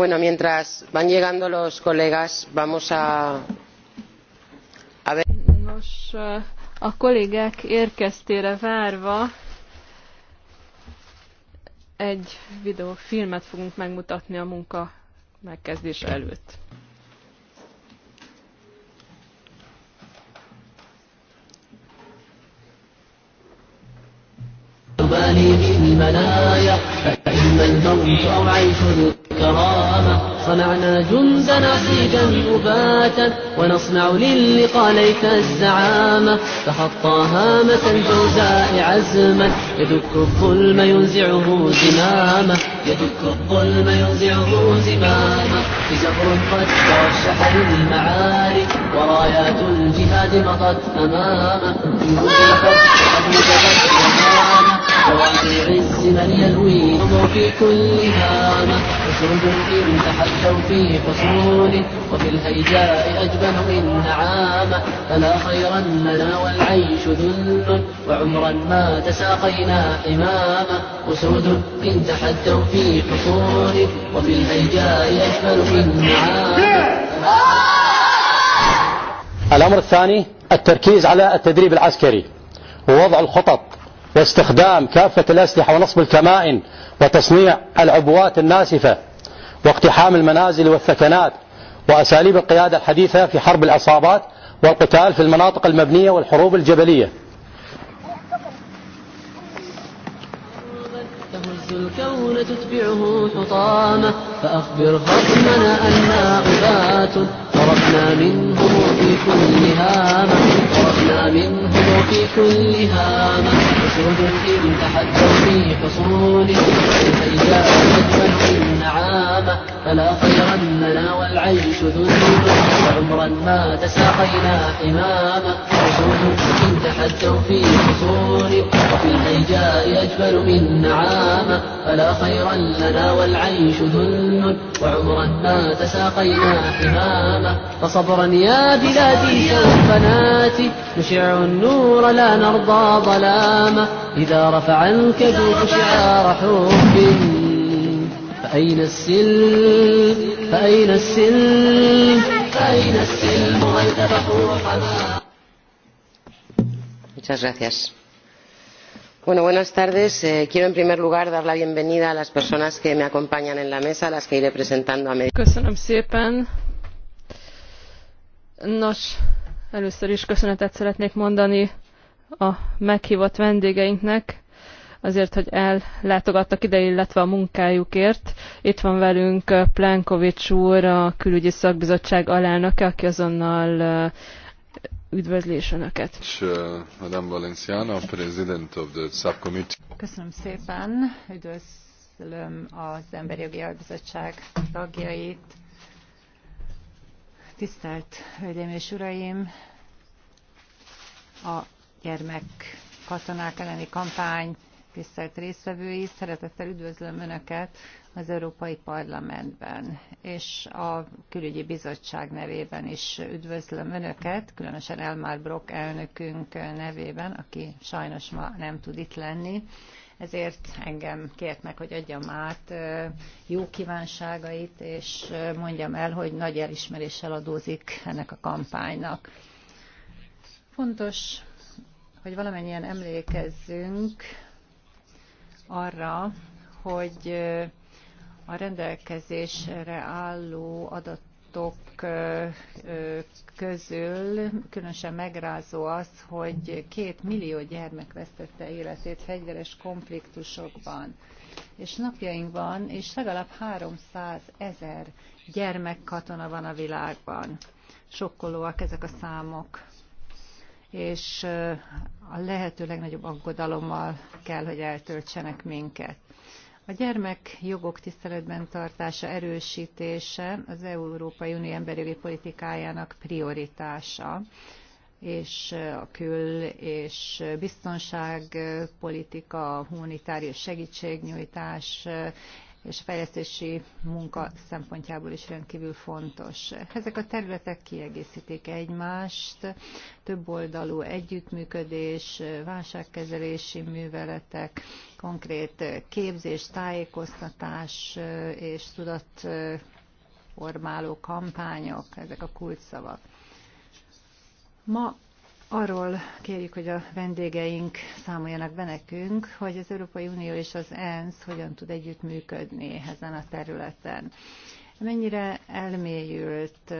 Bueno, mientras van llegando los colegas, vamos a, a ver. Nos, eh, a kollégák érkeztére várva egy videófilmet fogunk megmutatni a munka megkezdése előtt. من ذوي أضعيف الكرامة صنعنا جند نصيدا مباتا ونصنع للقى ليت الزعامة فحطى هامة الجوزاء عزما يدك الظلم ينزعه زمامة يدك الظلم ينزعه زمامة بزهر قد ترشح للمعالي ورايات الجهاد مضت أمامه قد مواضع من يلويهم في كل هامة أسود إن تحجوا في فصول وفي الهيجاء أجبه من نعامة فلا خيرا لنا والعيش ذل وعمرا ما تساقينا حمامة أسود إن تحجوا في فصول وفي الهيجاء أجبه من نعامة الأمر الثاني التركيز على التدريب العسكري ووضع الخطط واستخدام كافة الأسلحة ونصب الكمائن وتصنيع العبوات الناسفة واقتحام المنازل والثكنات وأساليب القيادة الحديثة في حرب العصابات والقتال في المناطق المبنية والحروب الجبلية الكون تتبعه حطامة فأخبر خصمنا أننا أبات وصرفنا منهم في كل هامة صرفنا منهم في كل هامة سودت في حصوله كيف النعامة فلا خير لنا والعيش ذنوب وعمرا ما تساقينا حماما حصول إن تحدوا في حصول وفي الهيجاء أجمل من نعامة فلا خير لنا والعيش ذن وعمرا ما تساقينا حماما فصبرا يا بلادي سوفناتي نشع النور لا نرضى ظلاما إذا رفع الكذوب شعار حب فأين السلم فأين السلم فأين السلم والذبح حمام Muchas gracias. Bueno, buenas tardes. Eh, quiero en primer lugar dar la bienvenida a las personas que me acompañan en la mesa, las que iré presentando a medida. Nos, először is köszönetet szeretnék mondani a meghívott vendégeinknek, azért, hogy ellátogattak ide, illetve a munkájukért. Itt van velünk eh, Plenkovics úr, a külügyi szakbizottság alelnöke, aki azonnal eh, üdvözlés Önöket. Eh, Madame Valenciana, President of the Subcommittee. Köszönöm szépen, üdvözlöm az Emberi Jogi Bizottság tagjait, Tisztelt Hölgyeim és Uraim! A gyermek katonák elleni kampány tisztelt résztvevői, szeretettel üdvözlöm Önöket az Európai Parlamentben, és a Külügyi Bizottság nevében is üdvözlöm Önöket, különösen Elmar Brock elnökünk nevében, aki sajnos ma nem tud itt lenni, ezért engem kért meg, hogy adjam át jó kívánságait, és mondjam el, hogy nagy elismeréssel adózik ennek a kampánynak. Fontos, hogy valamennyien emlékezzünk arra, hogy a rendelkezésre álló adat adatok közül különösen megrázó az, hogy két millió gyermek vesztette életét fegyveres konfliktusokban. És napjainkban és legalább 300 ezer katona van a világban. Sokkolóak ezek a számok és a lehető legnagyobb aggodalommal kell, hogy eltöltsenek minket. A gyermekjogok tiszteletben tartása erősítése az Európai Unió emberjogi politikájának prioritása és a kül- és biztonságpolitika, humanitárius segítségnyújtás, és fejlesztési munka szempontjából is rendkívül fontos. Ezek a területek kiegészítik egymást, többoldalú együttműködés, válságkezelési műveletek, konkrét képzés, tájékoztatás és tudatformáló kampányok, ezek a kulcsszavak. Ma Arról kérjük, hogy a vendégeink számoljanak be nekünk, hogy az Európai Unió és az ENSZ hogyan tud együttműködni ezen a területen. Mennyire elmélyült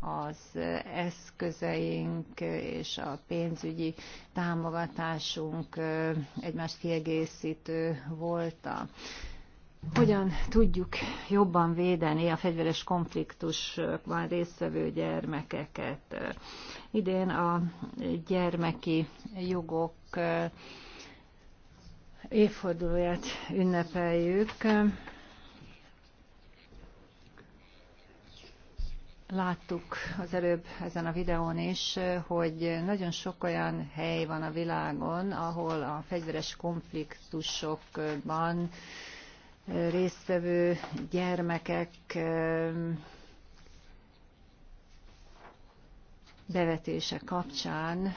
az eszközeink és a pénzügyi támogatásunk egymást kiegészítő volta. Hogyan tudjuk jobban védeni a fegyveres konfliktusban résztvevő gyermekeket? Idén a gyermeki jogok eh, évfordulóját ünnepeljük. Láttuk az előbb ezen a videón is, hogy nagyon sok olyan hely van a világon, ahol a fegyveres konfliktusokban résztvevő gyermekek bevetése kapcsán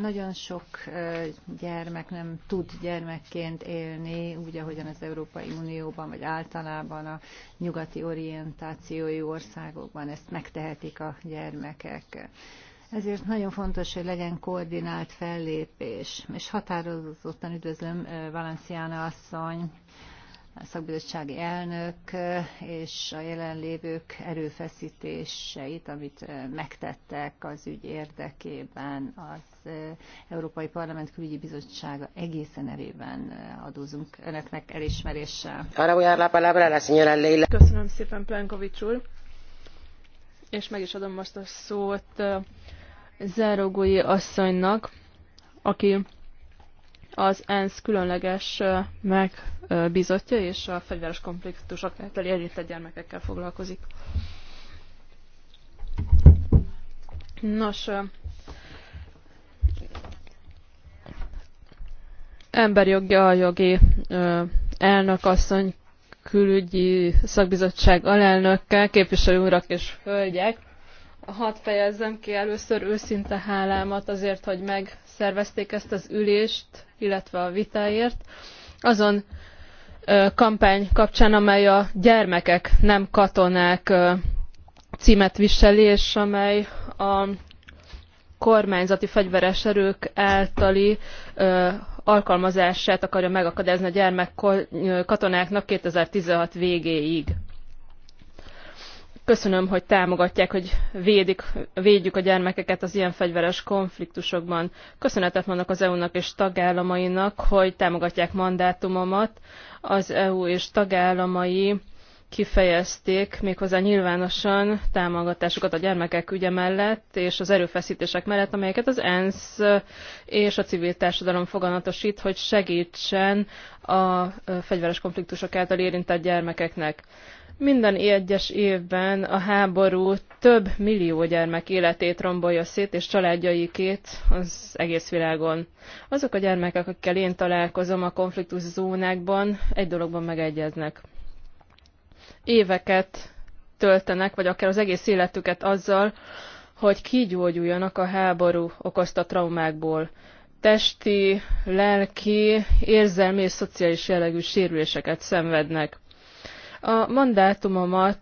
nagyon sok gyermek nem tud gyermekként élni, úgy, ahogyan az Európai Unióban, vagy általában a nyugati orientációi országokban ezt megtehetik a gyermekek. Ezért nagyon fontos, hogy legyen koordinált fellépés, és határozottan üdvözlöm Valenciana asszony a szakbizottsági elnök és a jelenlévők erőfeszítéseit, amit megtettek az ügy érdekében, az Európai Parlament Külügyi Bizottsága egészen nevében adózunk önöknek elismeréssel. Köszönöm szépen, Plenkovics úr, és meg is adom most a szót Zárogói asszonynak, aki az ENSZ különleges megbizotja és a fegyveres konfliktusok által érintett gyermekekkel foglalkozik. Nos, emberjogi aljogi asszony külügyi szakbizottság alelnökkel, képviselő urak és hölgyek. Hadd fejezzem ki először őszinte hálámat azért, hogy megszervezték ezt az ülést, illetve a vitáért. Azon kampány kapcsán, amely a gyermekek, nem katonák címet viseli, és amely a kormányzati fegyveres erők általi alkalmazását akarja megakadályozni a gyermek katonáknak 2016 végéig. Köszönöm, hogy támogatják, hogy védik, védjük a gyermekeket az ilyen fegyveres konfliktusokban. Köszönetet mondok az EU-nak és tagállamainak, hogy támogatják mandátumomat. Az EU és tagállamai kifejezték méghozzá nyilvánosan támogatásukat a gyermekek ügye mellett és az erőfeszítések mellett, amelyeket az ENSZ és a civil társadalom foganatosít, hogy segítsen a fegyveres konfliktusok által érintett gyermekeknek. Minden egyes évben a háború több millió gyermek életét rombolja szét, és családjaikét az egész világon. Azok a gyermekek, akikkel én találkozom a konfliktus zónákban, egy dologban megegyeznek. Éveket töltenek, vagy akár az egész életüket azzal, hogy kigyógyuljanak a háború okozta traumákból. Testi, lelki, érzelmi és szociális jellegű sérüléseket szenvednek. A mandátumomat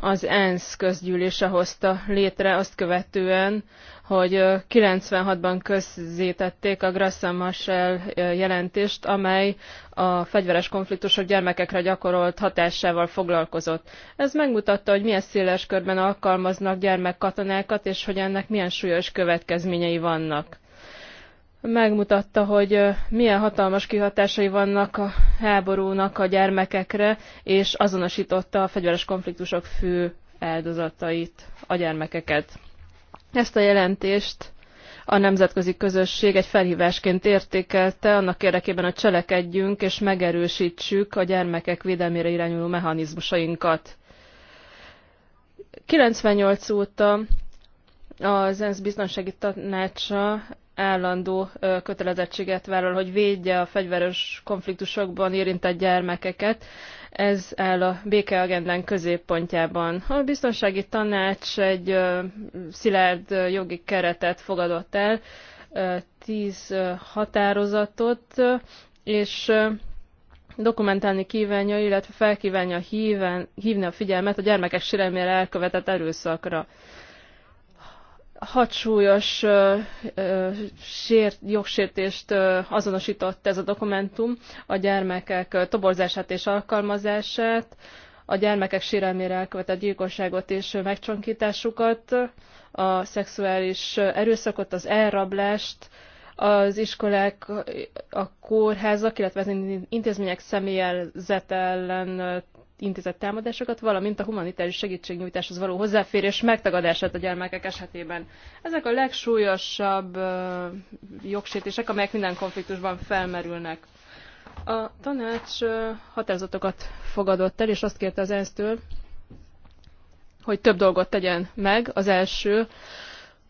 az ENSZ közgyűlése hozta létre azt követően, hogy 96-ban közzétették a Grassan Marshall jelentést, amely a fegyveres konfliktusok gyermekekre gyakorolt hatásával foglalkozott. Ez megmutatta, hogy milyen széles körben alkalmaznak gyermekkatonákat, és hogy ennek milyen súlyos következményei vannak megmutatta, hogy milyen hatalmas kihatásai vannak a háborúnak a gyermekekre, és azonosította a fegyveres konfliktusok fő áldozatait, a gyermekeket. Ezt a jelentést a nemzetközi közösség egy felhívásként értékelte, annak érdekében, hogy cselekedjünk és megerősítsük a gyermekek védelmére irányuló mechanizmusainkat. 98 óta az ENSZ biztonsági tanácsa állandó kötelezettséget vállal, hogy védje a fegyveres konfliktusokban érintett gyermekeket. Ez áll a békeagendán középpontjában. A biztonsági tanács egy szilárd jogi keretet fogadott el, tíz határozatot, és dokumentálni kívánja, illetve felkívánja hívni a figyelmet a gyermekek sérelmére elkövetett erőszakra hat súlyos ö, ö, sért, jogsértést ö, azonosított ez a dokumentum, a gyermekek toborzását és alkalmazását, a gyermekek sérelmére elkövetett gyilkosságot és megcsonkításukat, a szexuális erőszakot, az elrablást, az iskolák, a kórházak, illetve az intézmények személyzet ellen intézett támadásokat, valamint a humanitárius segítségnyújtáshoz való hozzáférés megtagadását a gyermekek esetében. Ezek a legsúlyosabb jogsértések, amelyek minden konfliktusban felmerülnek. A tanács határozatokat fogadott el, és azt kérte az ENSZ-től, hogy több dolgot tegyen meg. Az első,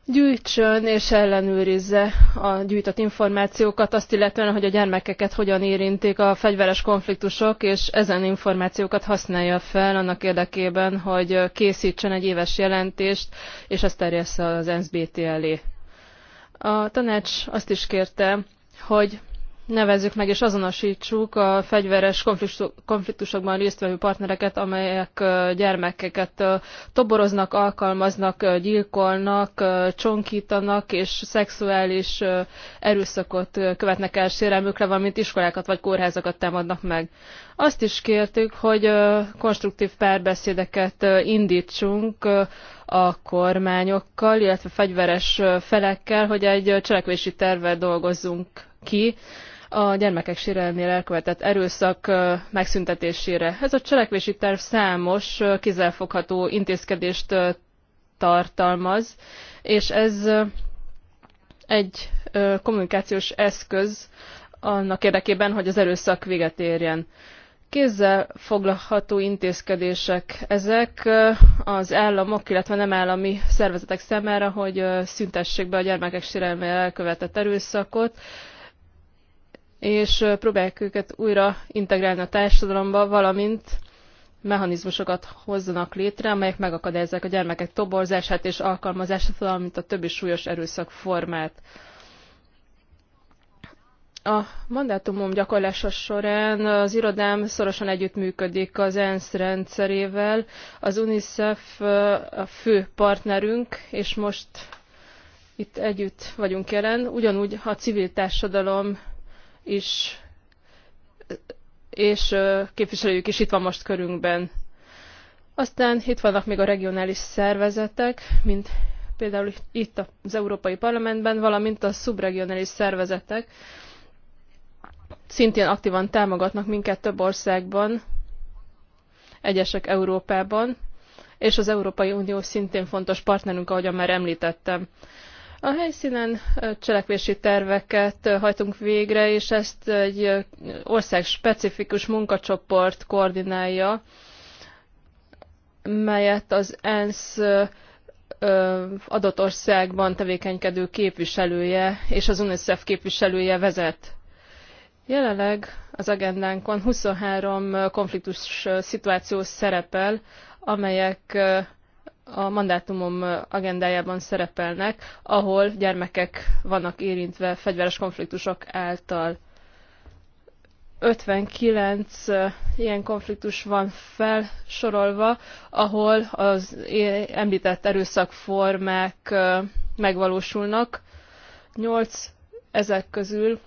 gyűjtsön és ellenőrizze a gyűjtött információkat, azt illetően, hogy a gyermekeket hogyan érintik a fegyveres konfliktusok, és ezen információkat használja fel annak érdekében, hogy készítsen egy éves jelentést, és azt terjessze az NSBT elé. A tanács azt is kérte, hogy nevezzük meg és azonosítsuk a fegyveres konfliktusokban résztvevő partnereket, amelyek gyermekeket toboroznak, alkalmaznak, gyilkolnak, csonkítanak és szexuális erőszakot követnek el sérelmükre, valamint iskolákat vagy kórházakat támadnak meg. Azt is kértük, hogy konstruktív párbeszédeket indítsunk a kormányokkal, illetve fegyveres felekkel, hogy egy cselekvési tervet dolgozzunk ki, a gyermekek sérelmére elkövetett erőszak megszüntetésére. Ez a cselekvési terv számos kizelfogható intézkedést tartalmaz, és ez egy kommunikációs eszköz annak érdekében, hogy az erőszak véget érjen. Kézzel foglalható intézkedések ezek az államok, illetve nem állami szervezetek számára, hogy szüntessék be a gyermekek sérelmére elkövetett erőszakot, és próbálják őket újra integrálni a társadalomba, valamint mechanizmusokat hozzanak létre, amelyek megakadályozzák a gyermekek toborzását és alkalmazását, valamint a többi súlyos erőszak formát. A mandátumom gyakorlása során az irodám szorosan együttműködik az ENSZ rendszerével. Az UNICEF a fő partnerünk, és most itt együtt vagyunk jelen. Ugyanúgy a civil társadalom is, és képviselőjük is itt van most körünkben. Aztán itt vannak még a regionális szervezetek, mint például itt az Európai Parlamentben, valamint a szubregionális szervezetek szintén aktívan támogatnak minket több országban, egyesek Európában, és az Európai Unió szintén fontos partnerünk, ahogyan már említettem. A helyszínen cselekvési terveket hajtunk végre, és ezt egy ország specifikus munkacsoport koordinálja, melyet az ENSZ adott országban tevékenykedő képviselője és az UNICEF képviselője vezet. Jelenleg az agendánkon 23 konfliktus szituáció szerepel, amelyek a mandátumom agendájában szerepelnek, ahol gyermekek vannak érintve fegyveres konfliktusok által. 59 eh, ilyen konfliktus van felsorolva, ahol az említett erőszakformák eh, megvalósulnak. 8 ezek közül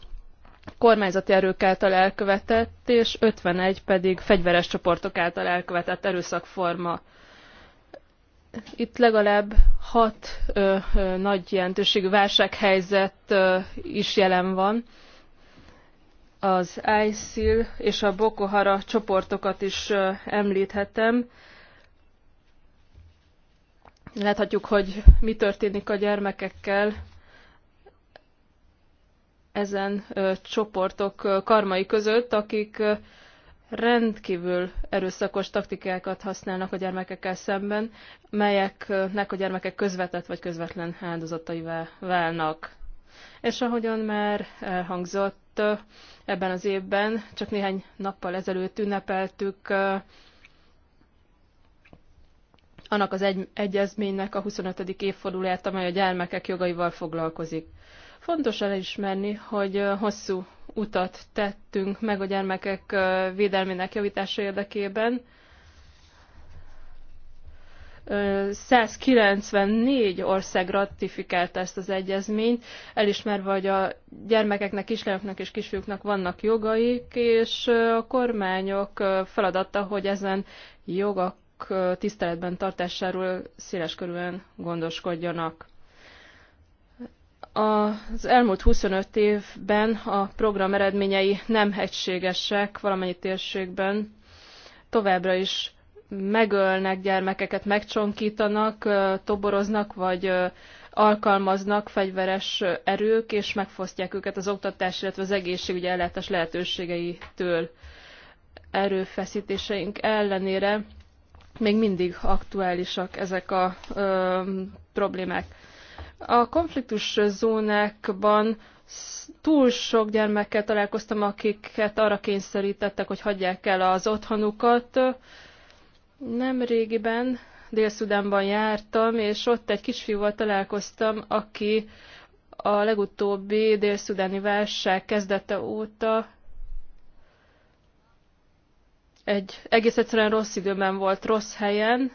kormányzati erők által elkövetett, és 51 pedig fegyveres csoportok által elkövetett erőszakforma itt legalább hat ö, ö, nagy jelentőségű válsághelyzet ö, is jelen van. Az ISIL és a Boko Hara csoportokat is ö, említhetem. Láthatjuk, hogy mi történik a gyermekekkel ezen ö, csoportok ö, karmai között, akik ö, rendkívül erőszakos taktikákat használnak a gyermekekkel szemben, melyeknek a gyermekek közvetett vagy közvetlen áldozataivá válnak. És ahogyan már elhangzott, ebben az évben, csak néhány nappal ezelőtt ünnepeltük annak az egy, egyezménynek a 25. évfordulóját, amely a gyermekek jogaival foglalkozik. Fontos elismerni, hogy hosszú utat tettünk meg a gyermekek védelmének javítása érdekében. 194 ország ratifikálta ezt az egyezményt, elismerve, hogy a gyermekeknek, kislányoknak és kisfiúknak vannak jogaik, és a kormányok feladata, hogy ezen jogak tiszteletben tartásáról széleskörűen gondoskodjanak. Az elmúlt 25 évben a program eredményei nem egységesek valamennyi térségben. Továbbra is megölnek gyermekeket, megcsonkítanak, toboroznak, vagy alkalmaznak fegyveres erők, és megfosztják őket az oktatás, illetve az egészségügyi ellátás lehetőségeitől erőfeszítéseink ellenére még mindig aktuálisak ezek a ö, problémák. A konfliktus zónákban túl sok gyermekkel találkoztam, akiket arra kényszerítettek, hogy hagyják el az otthonukat. Nem régiben Dél-Szudánban jártam, és ott egy kisfiúval találkoztam, aki a legutóbbi dél-szudáni válság kezdete óta egy egész egyszerűen rossz időben volt, rossz helyen,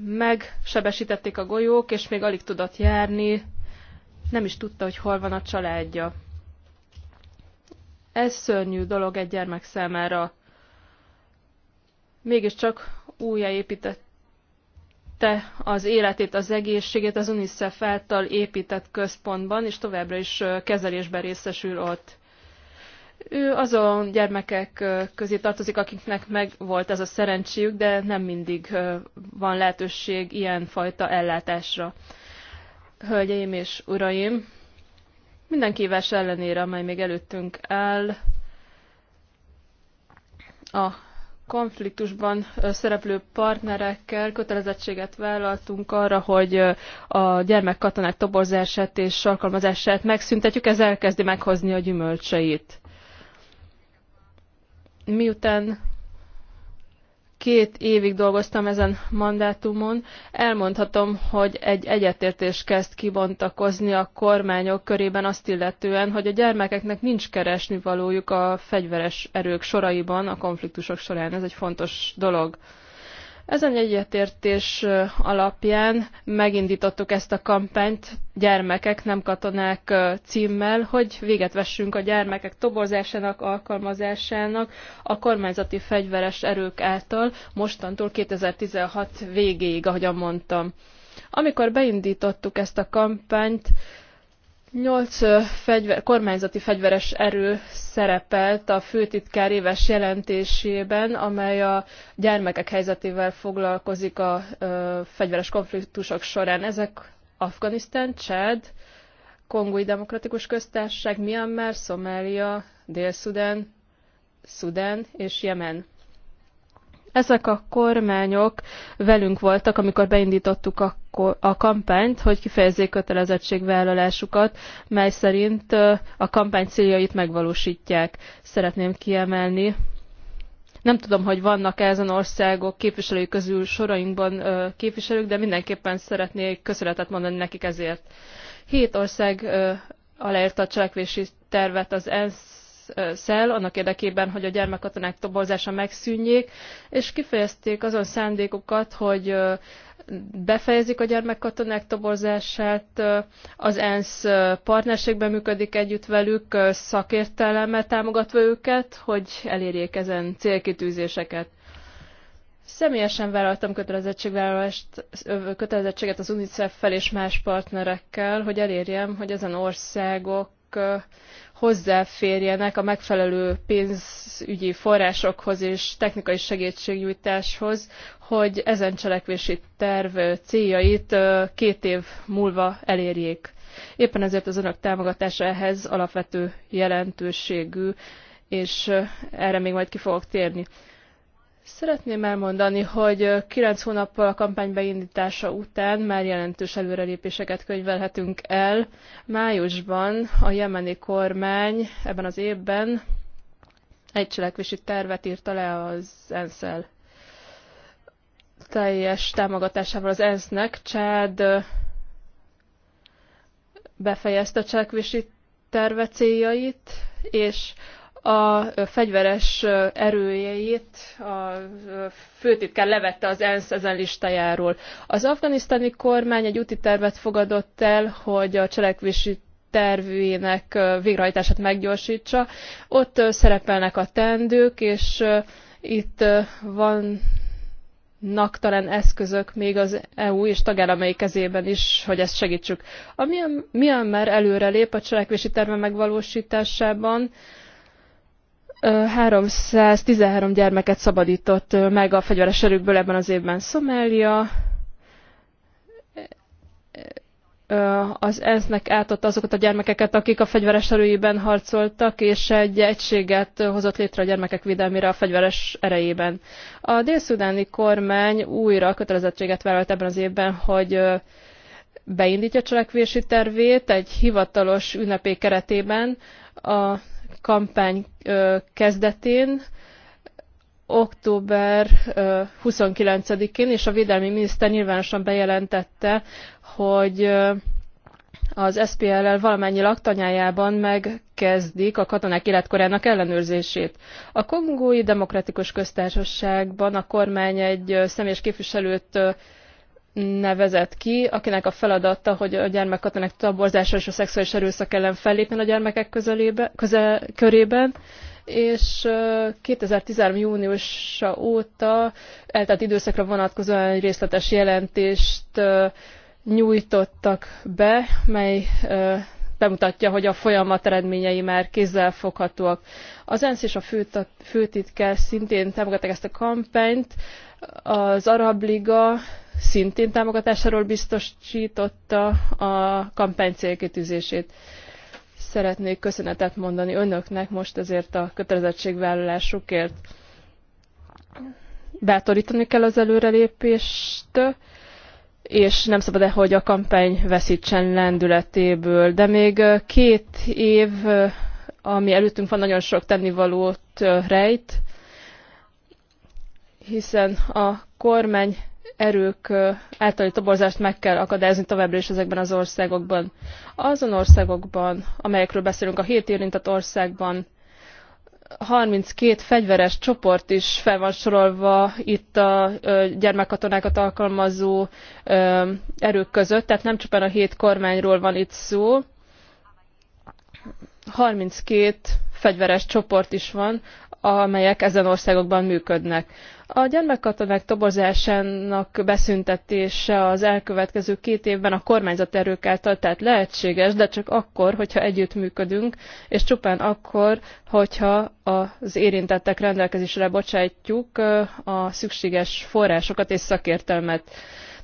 megsebesítették a golyók, és még alig tudott járni, nem is tudta, hogy hol van a családja. Ez szörnyű dolog egy gyermek számára. Mégiscsak újjáépítette az életét, az egészségét az UNICEF által épített központban, és továbbra is kezelésben részesül ott. Ő azon gyermekek közé tartozik, akiknek meg volt ez a szerencséjük, de nem mindig van lehetőség ilyenfajta ellátásra. Hölgyeim és uraim, minden kívás ellenére, amely még előttünk áll, a konfliktusban szereplő partnerekkel kötelezettséget vállaltunk arra, hogy a gyermekkatonák toborzását és alkalmazását megszüntetjük, ez elkezdi meghozni a gyümölcseit miután két évig dolgoztam ezen mandátumon, elmondhatom, hogy egy egyetértés kezd kibontakozni a kormányok körében azt illetően, hogy a gyermekeknek nincs keresnivalójuk a fegyveres erők soraiban, a konfliktusok során. Ez egy fontos dolog. Ezen egyetértés alapján megindítottuk ezt a kampányt gyermekek, nem katonák címmel, hogy véget vessünk a gyermekek toborzásának, alkalmazásának a kormányzati fegyveres erők által mostantól 2016 végéig, ahogyan mondtam. Amikor beindítottuk ezt a kampányt, Nyolc fegyver, kormányzati fegyveres erő szerepelt a főtitkár éves jelentésében, amely a gyermekek helyzetével foglalkozik a ö, fegyveres konfliktusok során. Ezek Afganisztán, Csád, Kongói Demokratikus Köztársaság, Myanmar, Szomália, Dél-Szudán, Szudán és Jemen. Ezek a kormányok velünk voltak, amikor beindítottuk a, a kampányt, hogy kifejezzék kötelezettségvállalásukat, mely szerint a kampány céljait megvalósítják. Szeretném kiemelni. Nem tudom, hogy vannak -e ezen országok képviselői közül sorainkban képviselők, de mindenképpen szeretnék köszönetet mondani nekik ezért. Hét ország aláírta a cselekvési tervet az ENSZ szel, annak érdekében, hogy a gyermekkatonák toborzása megszűnjék, és kifejezték azon szándékokat, hogy befejezik a gyermekkatonák toborzását, az ENSZ partnerségben működik együtt velük, szakértelemmel támogatva őket, hogy elérjék ezen célkitűzéseket. Személyesen vállaltam kötelezettségvállalást, kötelezettséget az UNICEF-fel és más partnerekkel, hogy elérjem, hogy ezen országok hozzáférjenek a megfelelő pénzügyi forrásokhoz és technikai segítségnyújtáshoz, hogy ezen cselekvési terv céljait két év múlva elérjék. Éppen ezért az önök támogatása ehhez alapvető jelentőségű, és erre még majd ki fogok térni. Szeretném elmondani, hogy 9 hónappal a kampány beindítása után már jelentős előrelépéseket könyvelhetünk el. Májusban a jemeni kormány ebben az évben egy cselekvési tervet írta le az ensz -el. Teljes támogatásával az ENSZ-nek Csád befejezte a cselekvési terve céljait, és a fegyveres erőjeit a főtitkár levette az ENSZ ezen listájáról. Az afganisztáni kormány egy úti tervet fogadott el, hogy a cselekvési tervének végrehajtását meggyorsítsa. Ott szerepelnek a tendők, és itt van nak talán eszközök még az EU és tagállamai kezében is, hogy ezt segítsük. A Myanmar előrelép a cselekvési terve megvalósításában, 313 gyermeket szabadított meg a fegyveres erőkből ebben az évben Szomália. Az ENSZ-nek átadta azokat a gyermekeket, akik a fegyveres erőiben harcoltak, és egy egységet hozott létre a gyermekek védelmére a fegyveres erejében. A délszudáni kormány újra kötelezettséget vállalt ebben az évben, hogy beindítja cselekvési tervét egy hivatalos ünnepé keretében. A kampány kezdetén, október 29-én, és a védelmi miniszter nyilvánosan bejelentette, hogy az SPLL valamennyi laktanyájában megkezdik a katonák életkorának ellenőrzését. A Kongói Demokratikus Köztársaságban a kormány egy személyes képviselőt nevezett ki, akinek a feladata, hogy a gyermekkatonák taborzása és a szexuális erőszak ellen fellépjen a gyermekek közelébe, köze, körében, és 2013. júniusa óta eltelt időszakra vonatkozóan egy részletes jelentést nyújtottak be, mely bemutatja, hogy a folyamat eredményei már foghatóak. Az ENSZ és a főtitkár szintén támogatják ezt a kampányt, az Arab Liga szintén támogatásáról biztosította a kampány célkitűzését. Szeretnék köszönetet mondani önöknek most ezért a kötelezettségvállalásukért. Bátorítani kell az előrelépést, és nem szabad -e, hogy a kampány veszítsen lendületéből. De még két év, ami előttünk van, nagyon sok tennivalót rejt, hiszen a kormány erők általi toborzást meg kell akadályozni továbbra is ezekben az országokban. Azon országokban, amelyekről beszélünk, a hét érintett országban 32 fegyveres csoport is fel van sorolva itt a gyermekkatonákat alkalmazó erők között, tehát nem csupán a hét kormányról van itt szó. 32 fegyveres csoport is van, amelyek ezen országokban működnek. A gyermekkatonák toborzásának beszüntetése az elkövetkező két évben a kormányzat erők által, tehát lehetséges, de csak akkor, hogyha együttműködünk, és csupán akkor, hogyha az érintettek rendelkezésre bocsátjuk a szükséges forrásokat és szakértelmet.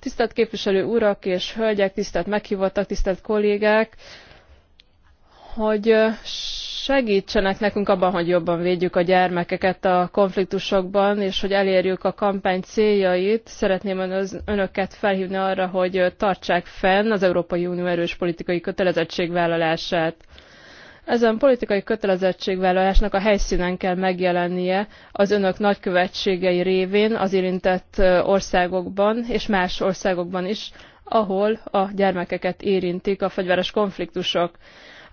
Tisztelt képviselő urak és hölgyek, tisztelt meghívottak, tisztelt kollégák, hogy segítsenek nekünk abban, hogy jobban védjük a gyermekeket a konfliktusokban, és hogy elérjük a kampány céljait. Szeretném önöket felhívni arra, hogy tartsák fenn az Európai Unió erős politikai kötelezettségvállalását. Ezen politikai kötelezettségvállalásnak a helyszínen kell megjelennie az önök nagykövetségei révén az érintett országokban és más országokban is, ahol a gyermekeket érintik a fegyveres konfliktusok.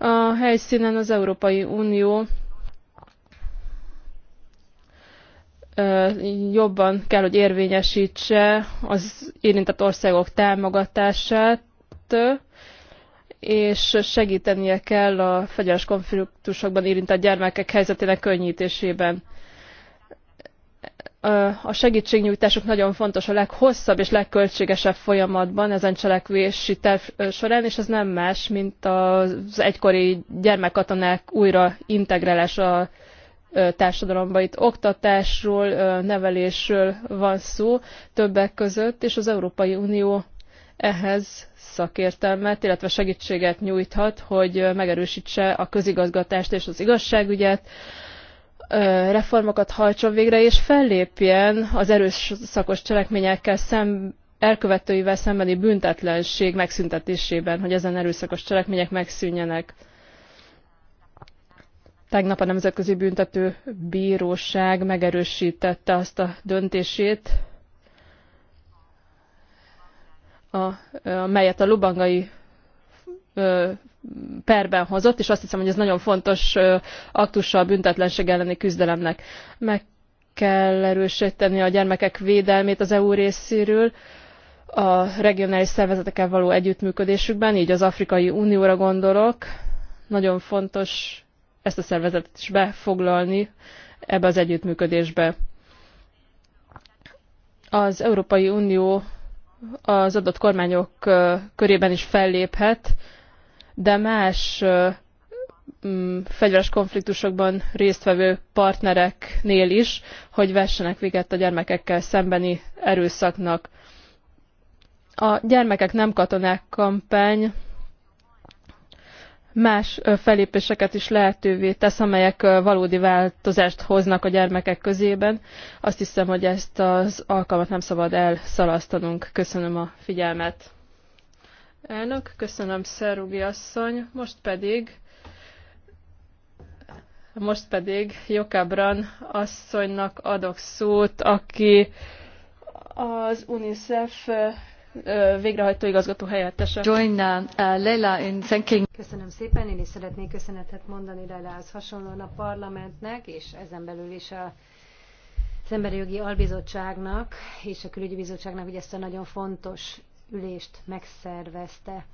A helyszínen az Európai Unió jobban kell, hogy érvényesítse az érintett országok támogatását, és segítenie kell a fegyveres konfliktusokban érintett gyermekek helyzetének könnyítésében a segítségnyújtásuk nagyon fontos a leghosszabb és legköltségesebb folyamatban ezen cselekvési terv során, és ez nem más, mint az egykori gyermekkatonák újra integrálása a társadalomba. Itt oktatásról, nevelésről van szó többek között, és az Európai Unió ehhez szakértelmet, illetve segítséget nyújthat, hogy megerősítse a közigazgatást és az igazságügyet, reformokat hajtson végre, és fellépjen az erőszakos cselekményekkel szem, elkövetőivel szembeni büntetlenség megszüntetésében, hogy ezen erőszakos cselekmények megszűnjenek. Tegnap a Nemzetközi Büntető Bíróság megerősítette azt a döntését, a, melyet a lubangai perben hozott, és azt hiszem, hogy ez nagyon fontos aktussal a büntetlenség elleni küzdelemnek. Meg kell erősíteni a gyermekek védelmét az EU részéről, a regionális szervezetekkel való együttműködésükben, így az Afrikai Unióra gondolok. Nagyon fontos ezt a szervezetet is befoglalni ebbe az együttműködésbe. Az Európai Unió az adott kormányok körében is felléphet, de más fegyveres konfliktusokban résztvevő partnereknél is, hogy vessenek véget a gyermekekkel szembeni erőszaknak. A gyermekek nem katonák kampány más felépéseket is lehetővé tesz, amelyek valódi változást hoznak a gyermekek közében. Azt hiszem, hogy ezt az alkalmat nem szabad elszalasztanunk. Köszönöm a figyelmet. Elnök, köszönöm Szerugi asszony, most pedig most pedig Jokabran asszonynak adok szót, aki az UNICEF végrehajtó igazgató helyettese. Uh, köszönöm szépen, én is szeretnék köszönetet mondani Leilához hasonlóan a parlamentnek, és ezen belül is a az Emberi Jogi Albizottságnak és a Külügyi Bizottságnak, hogy ezt a nagyon fontos ülést megszervezte.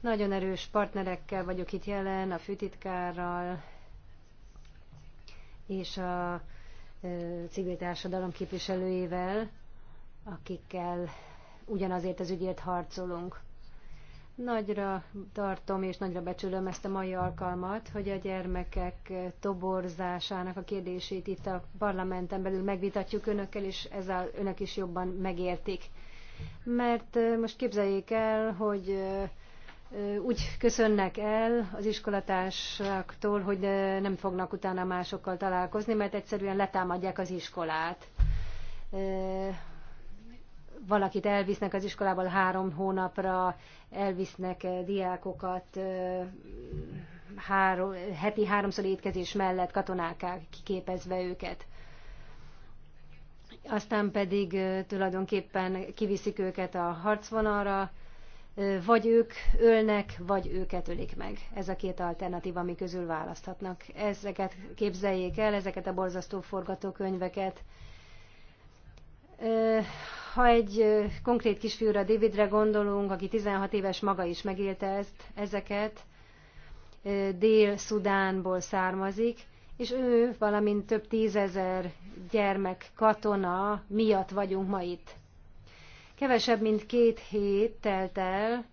Nagyon erős partnerekkel vagyok itt jelen, a főtitkárral és a civil társadalom képviselőjével, akikkel ugyanazért az ügyért harcolunk. Nagyra tartom és nagyra becsülöm ezt a mai alkalmat, hogy a gyermekek toborzásának a kérdését itt a parlamenten belül megvitatjuk önökkel, és ezzel önök is jobban megértik mert most képzeljék el, hogy úgy köszönnek el az iskolatársaktól, hogy nem fognak utána másokkal találkozni, mert egyszerűen letámadják az iskolát. Valakit elvisznek az iskolából három hónapra, elvisznek diákokat három, heti háromszor étkezés mellett katonákká kiképezve őket aztán pedig tulajdonképpen kiviszik őket a harcvonalra, vagy ők ölnek, vagy őket ölik meg. Ez a két alternatíva, ami közül választhatnak. Ezeket képzeljék el, ezeket a borzasztó forgatókönyveket. Ha egy konkrét kisfiúra, Davidre gondolunk, aki 16 éves maga is megélte ezt, ezeket, Dél-Szudánból származik, és ő, valamint több tízezer gyermek katona miatt vagyunk ma itt. Kevesebb, mint két hét telt el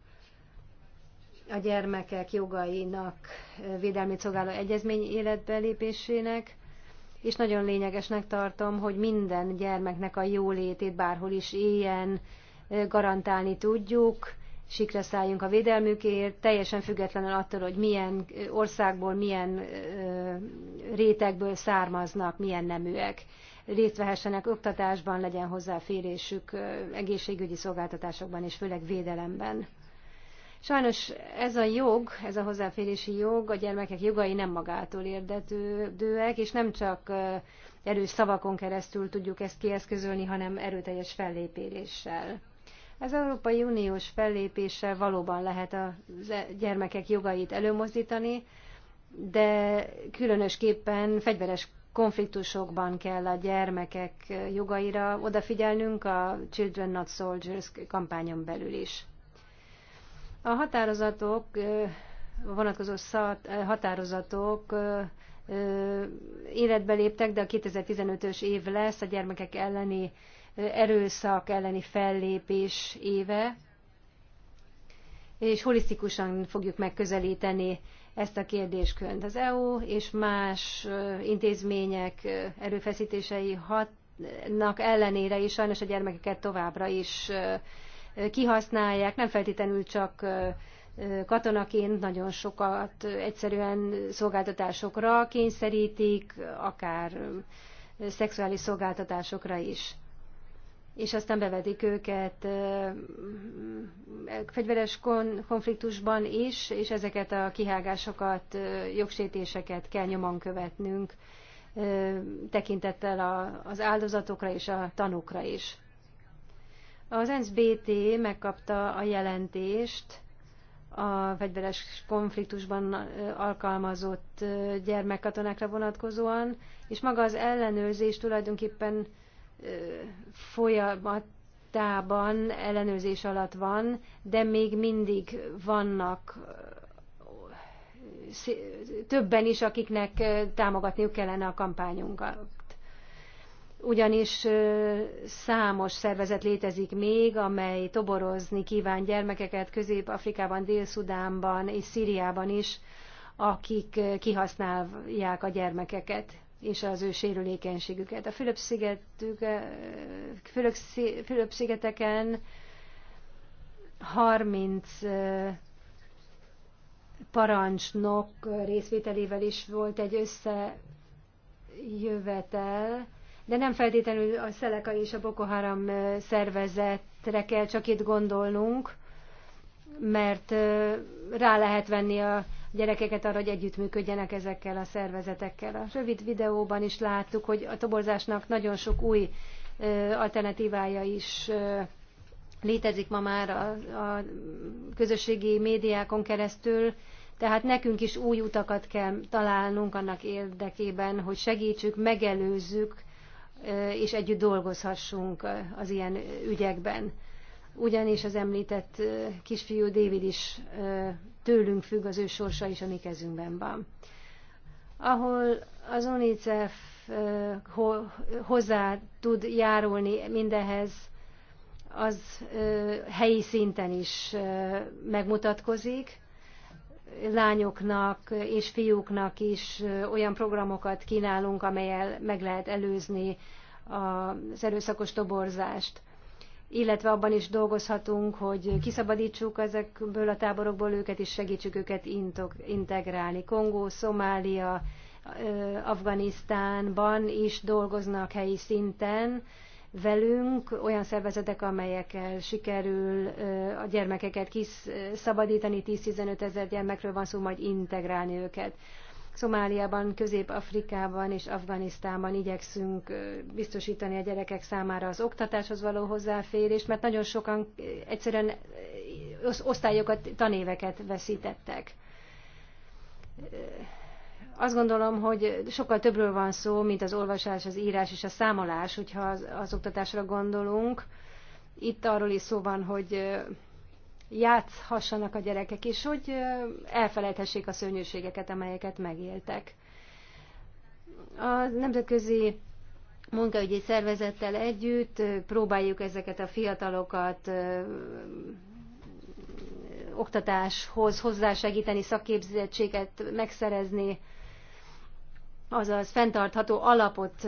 a gyermekek jogainak védelmi szolgáló egyezmény életbe lépésének, és nagyon lényegesnek tartom, hogy minden gyermeknek a jólétét bárhol is éljen, garantálni tudjuk, sikre szálljunk a védelmükért, teljesen függetlenül attól, hogy milyen országból, milyen rétegből származnak, milyen neműek. Részt oktatásban, legyen hozzáférésük egészségügyi szolgáltatásokban és főleg védelemben. Sajnos ez a jog, ez a hozzáférési jog, a gyermekek jogai nem magától érdetődőek, és nem csak erős szavakon keresztül tudjuk ezt kieszközölni, hanem erőteljes fellépéléssel. Az Európai Uniós fellépéssel valóban lehet a gyermekek jogait előmozdítani, de különösképpen fegyveres konfliktusokban kell a gyermekek jogaira odafigyelnünk a Children Not Soldiers kampányon belül is. A határozatok, vonatkozó határozatok életbe léptek, de a 2015-ös év lesz a gyermekek elleni erőszak elleni fellépés éve, és holisztikusan fogjuk megközelíteni ezt a kérdéskönt. Az EU és más intézmények erőfeszítései hatnak ellenére is sajnos a gyermekeket továbbra is kihasználják, nem feltétlenül csak katonaként nagyon sokat egyszerűen szolgáltatásokra kényszerítik, akár szexuális szolgáltatásokra is és aztán bevedik őket fegyveres konfliktusban is, és ezeket a kihágásokat, jogsértéseket kell nyomon követnünk, tekintettel az áldozatokra és a tanukra is. Az ENSZ-BT megkapta a jelentést a fegyveres konfliktusban alkalmazott gyermekkatonákra vonatkozóan, és maga az ellenőrzés tulajdonképpen folyamatában ellenőrzés alatt van, de még mindig vannak többen is, akiknek támogatniuk kellene a kampányunkat. Ugyanis számos szervezet létezik még, amely toborozni kíván gyermekeket Közép-Afrikában, Dél-Szudánban és Szíriában is, akik kihasználják a gyermekeket és az ő sérülékenységüket. A Fülöp-szigeteken eh, 30 eh, parancsnok részvételével is volt egy összejövetel, de nem feltétlenül a Szeleka és a Boko Haram eh, szervezetre kell csak itt gondolnunk, mert rá lehet venni a gyerekeket arra, hogy együttműködjenek ezekkel a szervezetekkel. A rövid videóban is láttuk, hogy a toborzásnak nagyon sok új alternatívája is létezik ma már a, a közösségi médiákon keresztül, tehát nekünk is új utakat kell találnunk annak érdekében, hogy segítsük, megelőzzük, és együtt dolgozhassunk az ilyen ügyekben. Ugyanis az említett kisfiú David is tőlünk függ az ő sorsa is, a mi kezünkben van. Ahol az UNICEF hozzá tud járulni mindehez, az helyi szinten is megmutatkozik. Lányoknak és fiúknak is olyan programokat kínálunk, amelyel meg lehet előzni az erőszakos toborzást illetve abban is dolgozhatunk, hogy kiszabadítsuk ezekből a táborokból őket, és segítsük őket integrálni. Kongó, Szomália, Afganisztánban is dolgoznak helyi szinten velünk olyan szervezetek, amelyekkel sikerül a gyermekeket kiszabadítani, 10-15 ezer gyermekről van szó, majd integrálni őket. Szomáliában, Közép-Afrikában és Afganisztánban igyekszünk biztosítani a gyerekek számára az oktatáshoz való hozzáférést, mert nagyon sokan egyszerűen osztályokat, tanéveket veszítettek. Azt gondolom, hogy sokkal többről van szó, mint az olvasás, az írás és a számolás, hogyha az, az oktatásra gondolunk. Itt arról is szó van, hogy játszhassanak a gyerekek, és hogy elfelejthessék a szörnyűségeket, amelyeket megéltek. A nemzetközi munkaügyi szervezettel együtt próbáljuk ezeket a fiatalokat oktatáshoz hozzásegíteni, szakképzettséget megszerezni, azaz fenntartható alapot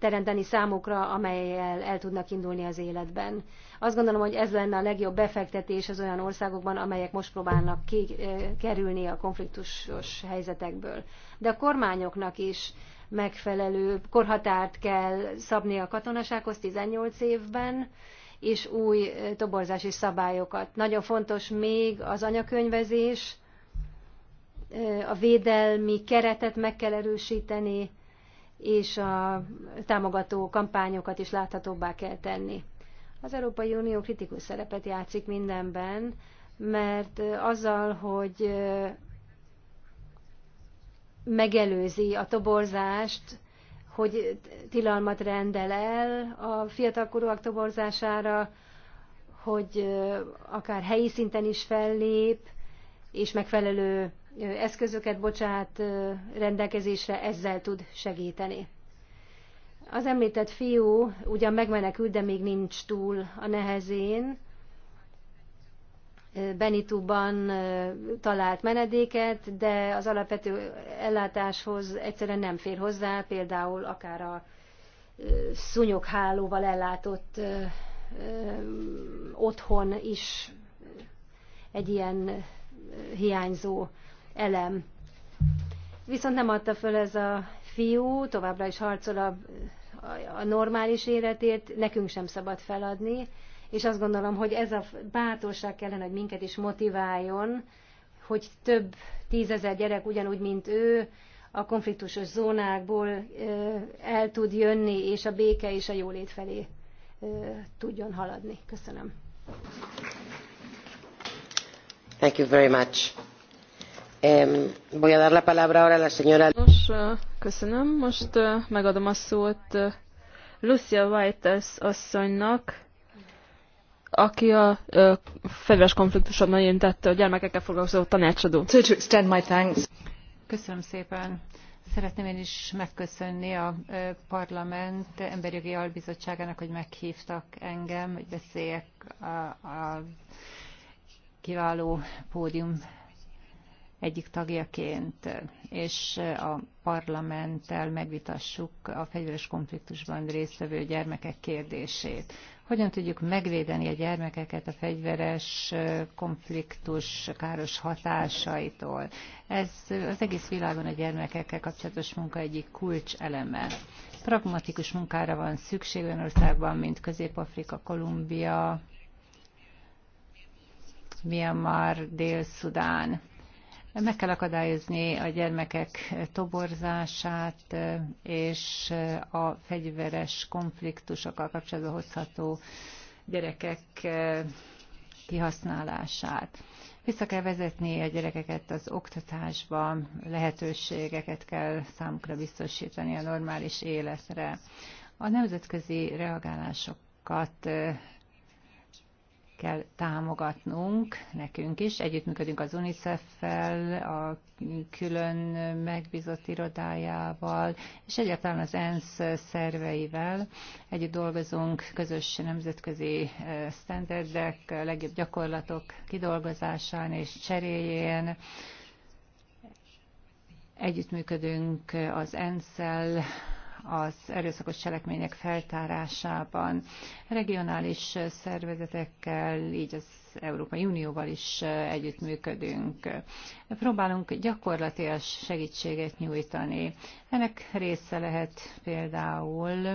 teremteni számukra, amelyel el tudnak indulni az életben. Azt gondolom, hogy ez lenne a legjobb befektetés az olyan országokban, amelyek most próbálnak kikerülni a konfliktusos helyzetekből. De a kormányoknak is megfelelő korhatárt kell szabni a katonasághoz 18 évben, és új toborzási szabályokat. Nagyon fontos még az anyakönyvezés, a védelmi keretet meg kell erősíteni, és a támogató kampányokat is láthatóbbá kell tenni. Az Európai Unió kritikus szerepet játszik mindenben, mert azzal, hogy megelőzi a toborzást, hogy tilalmat rendel el a fiatalkorúak toborzására, hogy akár helyi szinten is fellép, és megfelelő eszközöket bocsát rendelkezésre, ezzel tud segíteni. Az említett fiú ugyan megmenekült, de még nincs túl a nehezén. Benitúban talált menedéket, de az alapvető ellátáshoz egyszerűen nem fér hozzá, például akár a szúnyoghálóval ellátott otthon is egy ilyen hiányzó elem. Viszont nem adta föl ez a fiú, továbbra is harcol a, a, a normális életét. nekünk sem szabad feladni, és azt gondolom, hogy ez a bátorság kellene, hogy minket is motiváljon, hogy több tízezer gyerek ugyanúgy, mint ő, a konfliktusos zónákból el tud jönni, és a béke és a jólét felé tudjon haladni. Köszönöm. Thank you very much. Voy a dar la palabra ahora a la señora. Nos, eh, köszönöm. Most eh, megadom a szót eh, Lucia Whites asszonynak, aki a fegyveres konfliktusokban érintette a gyermekekkel foglalkozó tanácsadó. So to extend my thanks. Köszönöm szépen. Szeretném én is megköszönni a Parlament Emberjogi Albizottságának, hogy meghívtak engem, hogy beszéljek a, a kiváló pódium egyik tagjaként, és a parlamenttel megvitassuk a fegyveres konfliktusban résztvevő gyermekek kérdését. Hogyan tudjuk megvédeni a gyermekeket a fegyveres konfliktus káros hatásaitól? Ez az egész világon a gyermekekkel kapcsolatos munka egyik eleme. Pragmatikus munkára van szükség olyan országban, mint Közép-Afrika, Kolumbia, Myanmar, Dél-Szudán meg kell akadályozni a gyermekek toborzását és a fegyveres konfliktusokkal kapcsolatban hozható gyerekek kihasználását. Vissza kell vezetni a gyerekeket az oktatásba, lehetőségeket kell számukra biztosítani a normális életre. A nemzetközi reagálásokat kell támogatnunk nekünk is. Együttműködünk az UNICEF-fel, a külön megbízott irodájával, és egyáltalán az ENSZ szerveivel. Együtt dolgozunk közös nemzetközi eh, standardek, legjobb gyakorlatok kidolgozásán és cseréjén. Együttműködünk az ENSZ-el, az erőszakos cselekmények feltárásában. Regionális szervezetekkel, így az Európai Unióval is együttműködünk. Próbálunk gyakorlatilag segítséget nyújtani. Ennek része lehet például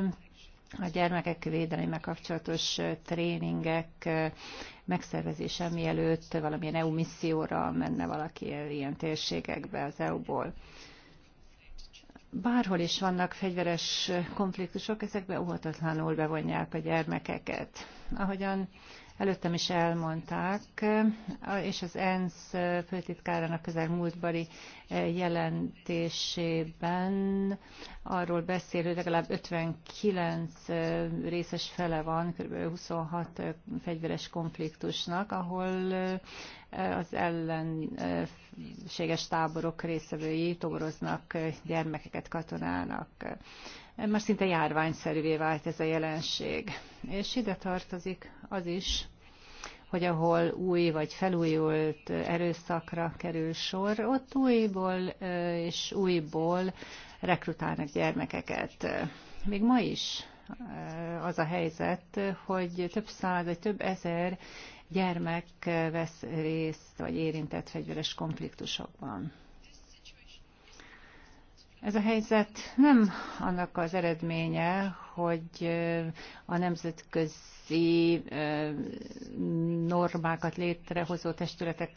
a gyermekek védelme kapcsolatos tréningek megszervezése, mielőtt valamilyen EU misszióra menne valaki ilyen térségekbe az EU-ból bárhol is vannak fegyveres konfliktusok, ezekbe óhatatlanul bevonják a gyermekeket. Ahogyan Előttem is elmondták, és az ENSZ főtitkárának múltbari eh, jelentésében arról beszél, hogy legalább 59 eh, részes fele van, kb. 26 eh, fegyveres konfliktusnak, ahol az ellenséges táborok részevői toboroznak gyermekeket katonának. Már szinte járványszerűvé vált ez a jelenség. És ide tartozik az is, hogy ahol új vagy felújult erőszakra kerül sor, ott újból és újból rekrutálnak gyermekeket. Még ma is az a helyzet, hogy több száz vagy több ezer gyermek vesz részt vagy érintett fegyveres konfliktusokban. Ez a helyzet nem annak az eredménye, hogy a nemzetközi normákat létrehozó testületek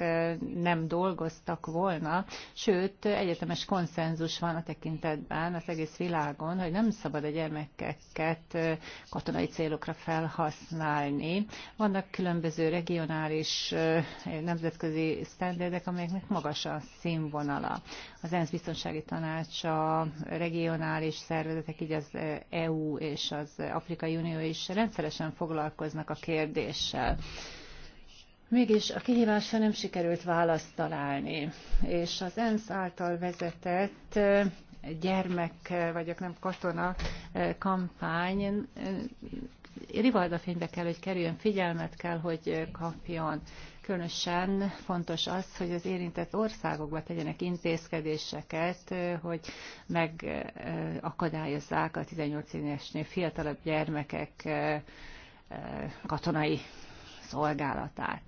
nem dolgoztak volna, sőt, egyetemes konszenzus van a tekintetben az egész világon, hogy nem szabad a gyermekeket katonai célokra felhasználni. Vannak különböző regionális nemzetközi sztenderdek, amelyeknek magas a színvonala. Az ENSZ biztonsági a regionális szervezetek, így az EU és és az Afrikai Unió is rendszeresen foglalkoznak a kérdéssel. Mégis a kihívásra nem sikerült választ találni, és az ENSZ által vezetett gyermek vagyok, nem katona kampány rivalda fénybe kell, hogy kerüljön, figyelmet kell, hogy kapjon. Különösen fontos az, hogy az érintett országokba tegyenek intézkedéseket, hogy megakadályozzák a 18 évesnél fiatalabb gyermekek katonai szolgálatát.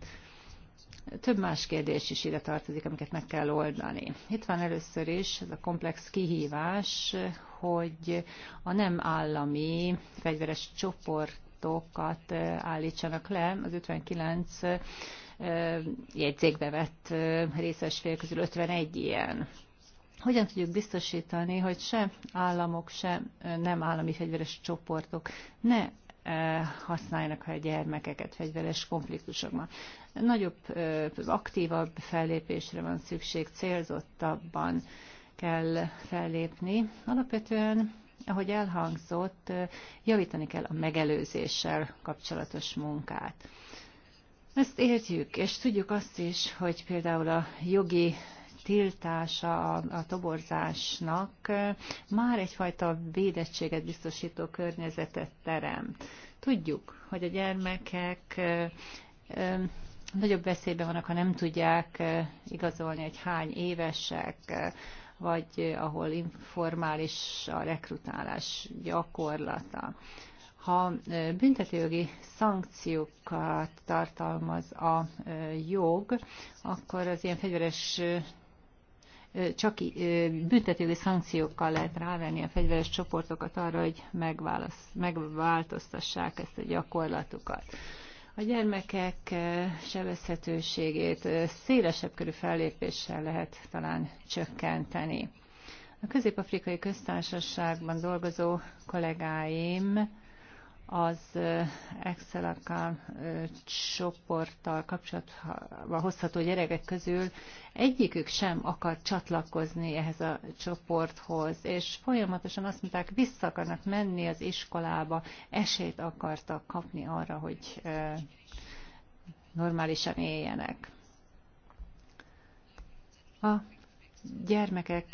Több más kérdés is ide tartozik, amiket meg kell oldani. Itt van először is ez a komplex kihívás, hogy a nem állami fegyveres csoportokat állítsanak le. Az 59 jegyzékbe vett részes fél közül 51 ilyen. Hogyan tudjuk biztosítani, hogy se államok, se nem állami fegyveres csoportok ne használjanak a gyermekeket fegyveres konfliktusokban. Nagyobb, aktívabb fellépésre van szükség, célzottabban kell fellépni. Alapvetően, ahogy elhangzott, javítani kell a megelőzéssel kapcsolatos munkát. Ezt értjük, és tudjuk azt is, hogy például a jogi tiltása a, toborzásnak már egyfajta védettséget biztosító környezetet teremt. Tudjuk, hogy a gyermekek nagyobb veszélyben vannak, ha nem tudják igazolni, hogy hány évesek, vagy ahol informális a rekrutálás gyakorlata ha büntetőjogi szankciókat tartalmaz a jog, akkor az ilyen fegyveres csak büntetői szankciókkal lehet rávenni a fegyveres csoportokat arra, hogy megváltoztassák ezt a gyakorlatukat. A gyermekek sebezhetőségét szélesebb körű fellépéssel lehet talán csökkenteni. A Közép-Afrikai Köztársaságban dolgozó kollégáim az Excelaka csoporttal kapcsolatban hozható gyerekek közül egyikük sem akar csatlakozni ehhez a csoporthoz, és folyamatosan azt mondták, vissza akarnak menni az iskolába, esélyt akartak kapni arra, hogy normálisan éljenek. A gyermekek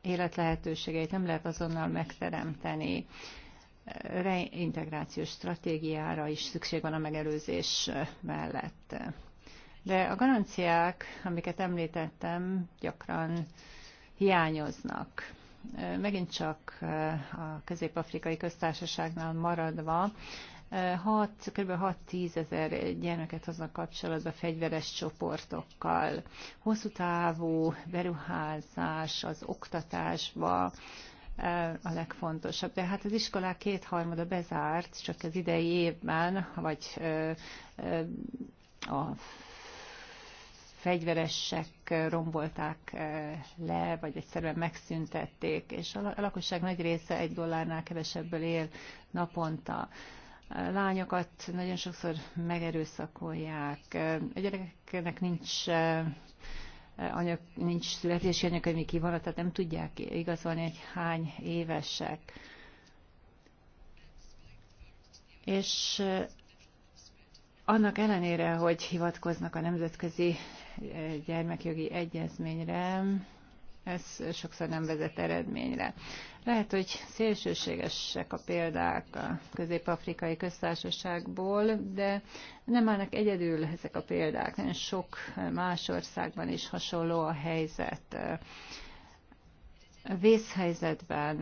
életlehetőségeit nem lehet azonnal megteremteni reintegrációs stratégiára is szükség van a megelőzés mellett. De a garanciák, amiket említettem, gyakran hiányoznak. Megint csak a Közép-Afrikai Köztársaságnál maradva, 6, kb. 6-10 ezer gyermeket hoznak kapcsolatba fegyveres csoportokkal. Hosszú távú beruházás az oktatásba, E, a legfontosabb. De hát az iskolák kétharmada bezárt, csak az idei évben, vagy e, e, a fegyveresek rombolták le, vagy egyszerűen megszüntették, és a lakosság nagy része egy dollárnál kevesebből él naponta. Lányokat nagyon sokszor megerőszakolják, a gyerekeknek nincs anyag, nincs születési anyakönyvi kivonat, tehát nem tudják igazolni, hogy hány évesek. És annak ellenére, hogy hivatkoznak a nemzetközi gyermekjogi egyezményre, ez sokszor nem vezet eredményre. Lehet, hogy szélsőségesek a példák a közép-afrikai köztársaságból, de nem állnak egyedül ezek a példák. Nagyon sok más országban is hasonló a helyzet. A vészhelyzetben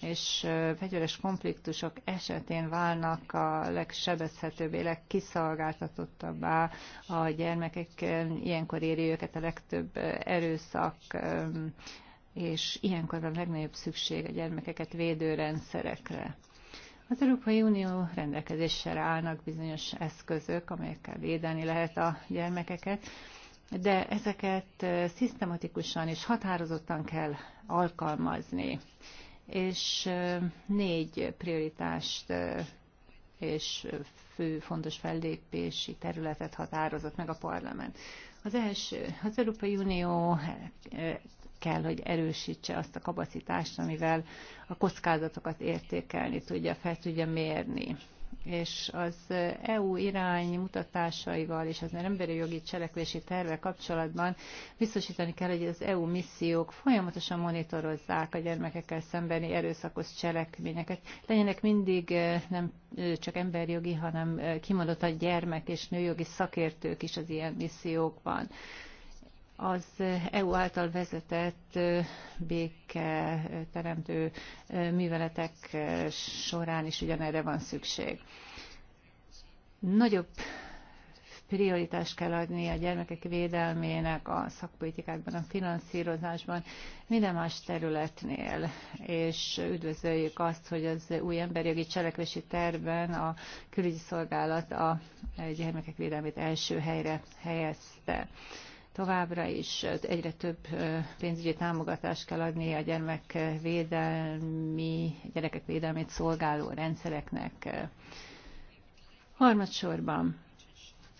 és fegyveres konfliktusok esetén válnak a legsebezhetőbbé, legkiszolgáltatottabbá a gyermekek, ilyenkor éri őket a legtöbb erőszak, és ilyenkor van a legnagyobb szükség a gyermekeket védő rendszerekre. Az Európai Unió rendelkezésre állnak bizonyos eszközök, amelyekkel védeni lehet a gyermekeket, de ezeket szisztematikusan és határozottan kell alkalmazni és négy prioritást és fő fontos fellépési területet határozott meg a parlament. Az első, az Európai Unió kell, hogy erősítse azt a kapacitást, amivel a kockázatokat értékelni tudja, fel tudja mérni és az EU irány mutatásaival és az emberi jogi cselekvési terve kapcsolatban biztosítani kell, hogy az EU missziók folyamatosan monitorozzák a gyermekekkel szembeni erőszakos cselekményeket. Legyenek mindig eh, nem eh, csak emberi jogi, hanem eh, kimondott a gyermek és nőjogi szakértők is az ilyen missziókban az EU által vezetett béke teremtő műveletek során is ugyanerre van szükség. Nagyobb prioritást kell adni a gyermekek védelmének a szakpolitikákban, a finanszírozásban, minden más területnél. És üdvözöljük azt, hogy az új emberjogi cselekvési tervben a külügyi szolgálat a gyermekek védelmét első helyre helyezte. Továbbra is egyre több pénzügyi támogatást kell adni a gyermekvédelmi, gyerekek védelmét szolgáló rendszereknek. Harmadsorban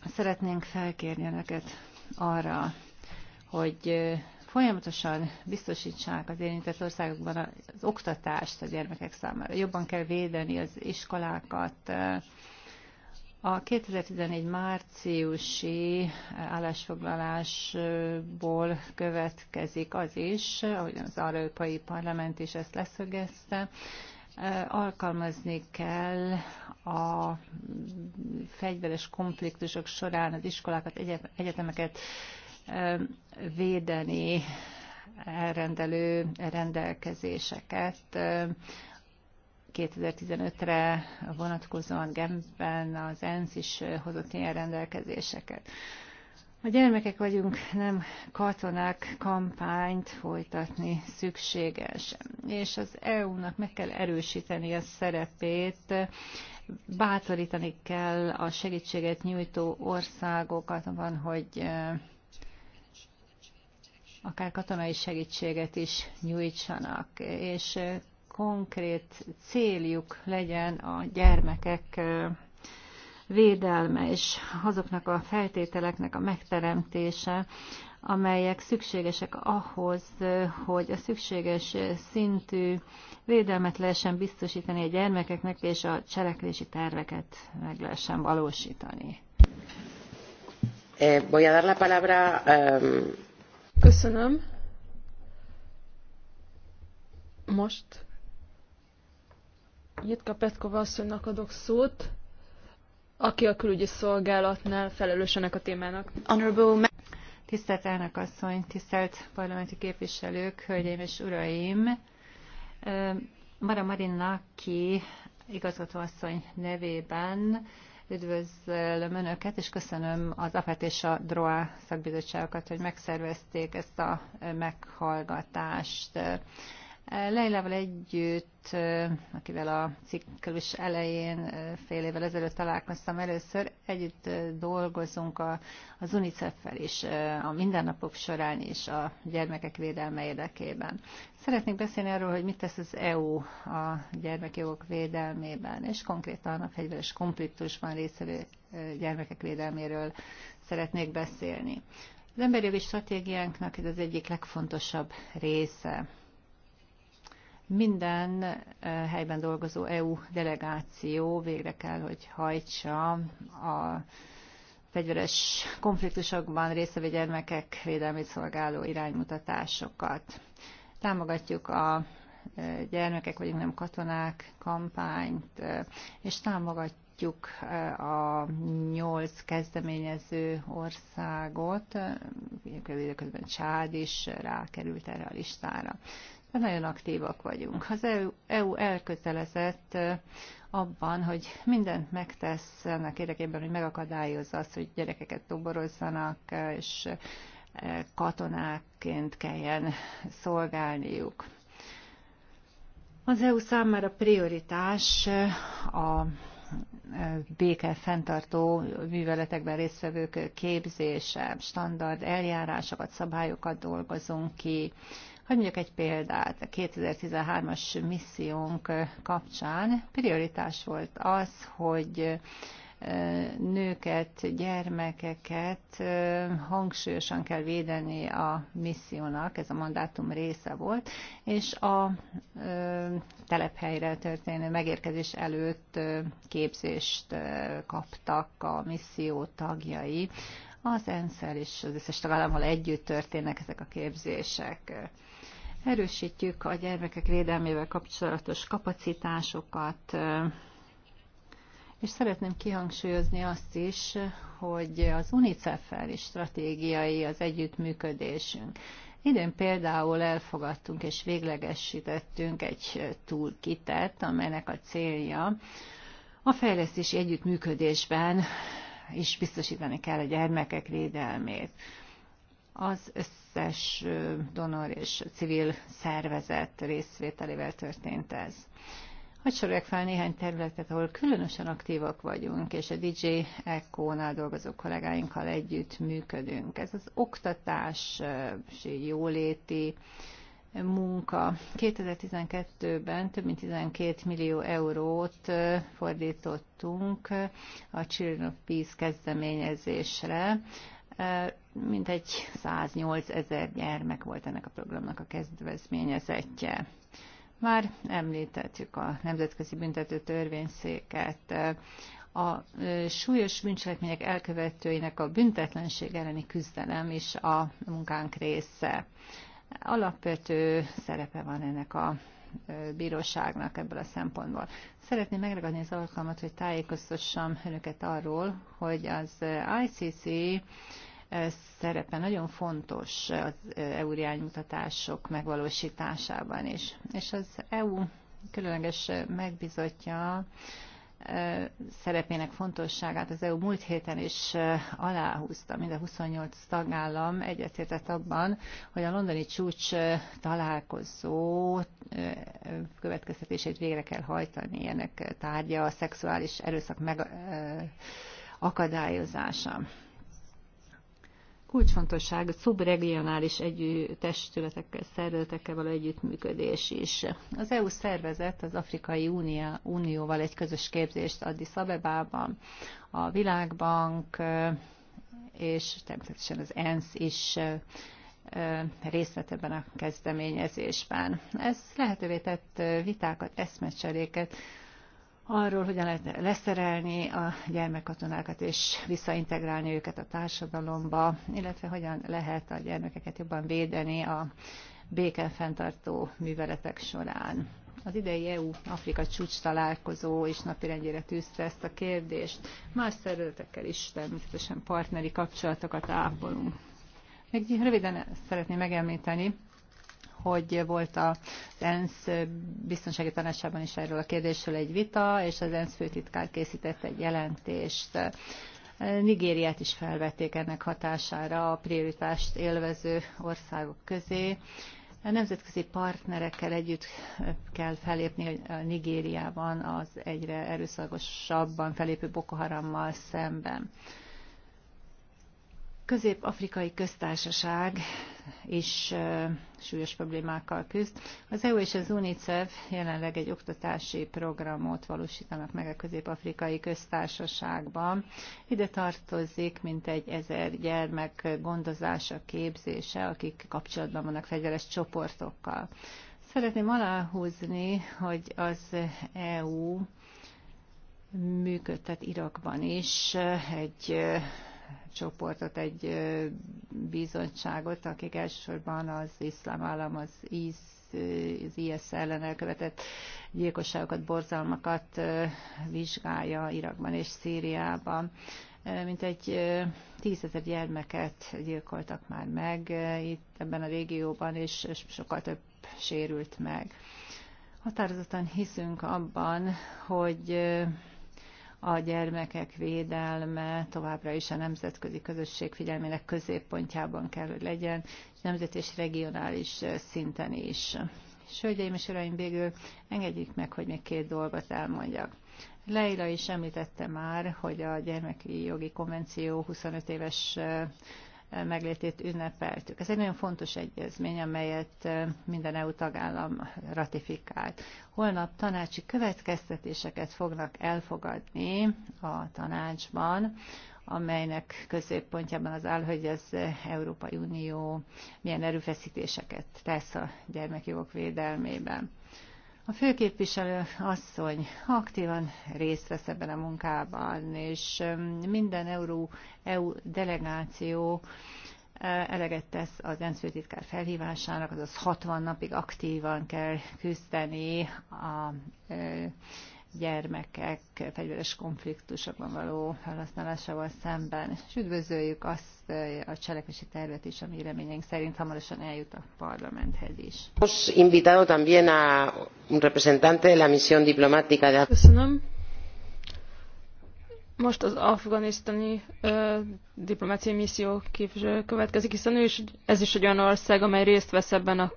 szeretnénk felkérni Önöket arra, hogy folyamatosan biztosítsák az érintett országokban az oktatást a gyermekek számára. Jobban kell védeni az iskolákat, a 2014 márciusi állásfoglalásból következik az is, ahogy az Európai Parlament is ezt leszögezte, alkalmazni kell a fegyveres konfliktusok során az iskolákat, egyetemeket védeni elrendelő rendelkezéseket 2015-re vonatkozóan Genfben az ENSZ is hozott ilyen rendelkezéseket. A gyermekek vagyunk, nem katonák kampányt folytatni szükséges, és az EU-nak meg kell erősíteni a szerepét, bátorítani kell a segítséget nyújtó országokat van, hogy akár katonai segítséget is nyújtsanak, és konkrét céljuk legyen a gyermekek védelme és azoknak a feltételeknek a megteremtése, amelyek szükségesek ahhoz, hogy a szükséges szintű védelmet lehessen biztosítani a gyermekeknek, és a cselekvési terveket meg lehessen valósítani. Eh, voy a dar la palabra. Köszönöm. Most Jitka Petkova asszonynak adok szót, aki a külügyi szolgálatnál felelős a témának. Honorable Tisztelt elnök asszony, tisztelt parlamenti képviselők, hölgyeim és uraim! Mara Marinaki igazgatóasszony nevében üdvözlöm Önöket, és köszönöm az APET és a DROA szakbizottságokat, hogy megszervezték ezt a meghallgatást. Leilával együtt, akivel a ciklus elején fél évvel ezelőtt találkoztam először, együtt dolgozunk a, az UNICEF-fel is, a mindennapok során is a gyermekek védelme érdekében. Szeretnék beszélni arról, hogy mit tesz az EU a gyermekjogok védelmében, és konkrétan a fegyveres konfliktusban részvevő gyermekek védelméről szeretnék beszélni. Az emberjogi stratégiánknak ez az egyik legfontosabb része minden eh, helyben dolgozó EU delegáció végre kell, hogy hajtsa a fegyveres konfliktusokban részevő gyermekek védelmét szolgáló iránymutatásokat. Támogatjuk a eh, gyermekek vagyunk nem katonák kampányt, eh, és támogatjuk a nyolc kezdeményező országot, időközben Csád is rákerült erre a listára. Hát nagyon aktívak vagyunk. Az EU, EU elkötelezett abban, hogy mindent megtesz ennek érdekében, hogy megakadályozza azt, hogy gyerekeket toborozzanak, és katonákként kelljen szolgálniuk. Az EU számára prioritás a béke fenntartó műveletekben résztvevők képzése, standard eljárásokat, szabályokat dolgozunk ki, hogy mondjuk egy példát, a 2013-as missziónk kapcsán prioritás volt az, hogy nőket, gyermekeket hangsúlyosan kell védeni a missziónak, ez a mandátum része volt, és a telephelyre történő megérkezés előtt képzést kaptak a misszió tagjai. Az ENSZ-el és az összes tagállammal együtt történnek ezek a képzések. Erősítjük a gyermekek védelmével kapcsolatos kapacitásokat, és szeretném kihangsúlyozni azt is, hogy az UNICEF-fel is stratégiai az együttműködésünk. Idén például elfogadtunk és véglegesítettünk egy túlkitet, amelynek a célja a fejlesztési együttműködésben is biztosítani kell a gyermekek védelmét az összes donor és civil szervezet részvételével történt ez. Hogy sorolják fel néhány területet, ahol különösen aktívak vagyunk, és a DJ Echo-nál dolgozó kollégáinkkal együtt működünk. Ez az oktatás és jóléti munka. 2012-ben több mint 12 millió eurót fordítottunk a Children of Peace kezdeményezésre, mintegy 108 ezer gyermek volt ennek a programnak a kezdvezményezetje. Már említettük a Nemzetközi Büntető Törvényszéket, a súlyos bűncselekmények elkövetőinek a büntetlenség elleni küzdelem is a munkánk része. Alapvető szerepe van ennek a bíróságnak ebből a szempontból. Szeretném megragadni az alkalmat, hogy tájékoztassam önöket arról, hogy az ICC szerepe nagyon fontos az EU iránymutatások megvalósításában is. És az EU különleges megbizotja szerepének fontosságát az EU múlt héten is aláhúzta. Mind a 28 tagállam egyetértett abban, hogy a londoni csúcs találkozó következtetését végre kell hajtani. Ennek tárgya a szexuális erőszak meg akadályozása kulcsfontosság a szubregionális együtt testületekkel, szervezetekkel való együttműködés is. Az EU szervezet az Afrikai Unió, Unióval egy közös képzést Addis Abebában, a Világbank és természetesen az ENSZ is részt vett ebben a kezdeményezésben. Ez lehetővé tett vitákat, eszmecseréket, arról, hogyan lehetne leszerelni a gyermekkatonákat és visszaintegrálni őket a társadalomba, illetve hogyan lehet a gyermekeket jobban védeni a béken fenntartó műveletek során. Az idei EU-Afrika csúcs találkozó és napirendjére tűzte ezt a kérdést. Más szervezetekkel is természetesen partneri kapcsolatokat ápolunk. Még röviden szeretném megemlíteni, hogy volt az ENSZ biztonsági tanácsában is erről a kérdésről egy vita, és az ENSZ főtitkár készített egy jelentést. Nigériát is felvették ennek hatására a prioritást élvező országok közé. A nemzetközi partnerekkel együtt kell felépni a Nigériában az egyre erőszakosabban felépő Boko Harammal szemben. Közép-Afrikai Köztársaság is súlyos problémákkal küzd. Az EU és az UNICEF jelenleg egy oktatási programot valósítanak meg a Közép-Afrikai Köztársaságban. Ide tartozik mintegy ezer gyermek gondozása, képzése, akik kapcsolatban vannak fegyveres csoportokkal. Szeretném aláhúzni, hogy az EU működtet Irakban is egy csoportot, egy bizottságot, akik elsősorban az iszlám állam, az íz az IS ellen elkövetett gyilkosságokat, borzalmakat vizsgálja Irakban és Szíriában. Mint egy tízezer gyermeket gyilkoltak már meg itt ebben a régióban, és sokkal több sérült meg. Határozottan hiszünk abban, hogy a gyermekek védelme továbbra is a nemzetközi közösség figyelmének középpontjában kell, hogy legyen, nemzet és regionális szinten is. És hölgyeim és uraim, végül engedjék meg, hogy még két dolgot elmondjak. Leila is említette már, hogy a gyermeki jogi konvenció 25 éves meglétét ünnepeltük. Ez egy nagyon fontos egyezmény, amelyet minden EU tagállam ratifikált. Holnap tanácsi következtetéseket fognak elfogadni a tanácsban, amelynek középpontjában az áll, hogy az Európai Unió milyen erőfeszítéseket tesz a gyermekjogok védelmében. A főképviselő asszony aktívan részt vesz ebben a munkában, és minden euró EU delegáció eleget tesz az ENSZ főtitkár felhívásának, azaz 60 napig aktívan kell küzdeni a gyermekek fegyveres konfliktusokban való felhasználásával szemben. És üdvözöljük azt eh, a cselekvési tervet is, ami reményénk szerint hamarosan eljut a parlamenthez is. invitado también a un representante de la misión diplomática de Köszönöm. Most az afganisztani ö, diplomáciai misszió képviselő következik, hiszen ő is, ez is egy olyan ország, amely részt vesz ebben a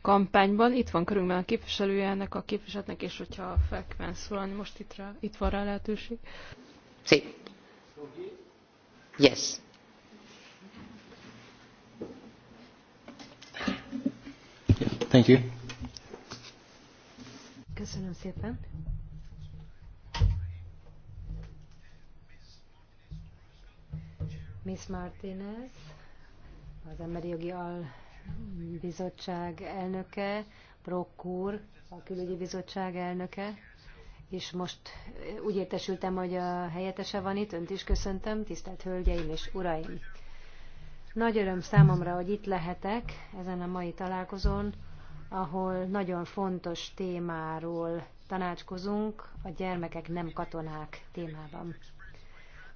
kampányban. Itt van körünkben a képviselője ennek a képviseletnek, és hogyha fel kíván most itt, rá, itt van rá lehetőség. Sí. Yes. Thank you. Köszönöm szépen. Miss Martinez, az emberi jogi al bizottság elnöke, Brock úr, a külügyi bizottság elnöke, és most eh, úgy értesültem, hogy a helyetese van itt, önt is köszöntöm, tisztelt hölgyeim és uraim. Nagy öröm számomra, hogy itt lehetek ezen a mai találkozón, ahol nagyon fontos témáról tanácskozunk a gyermekek nem katonák témában.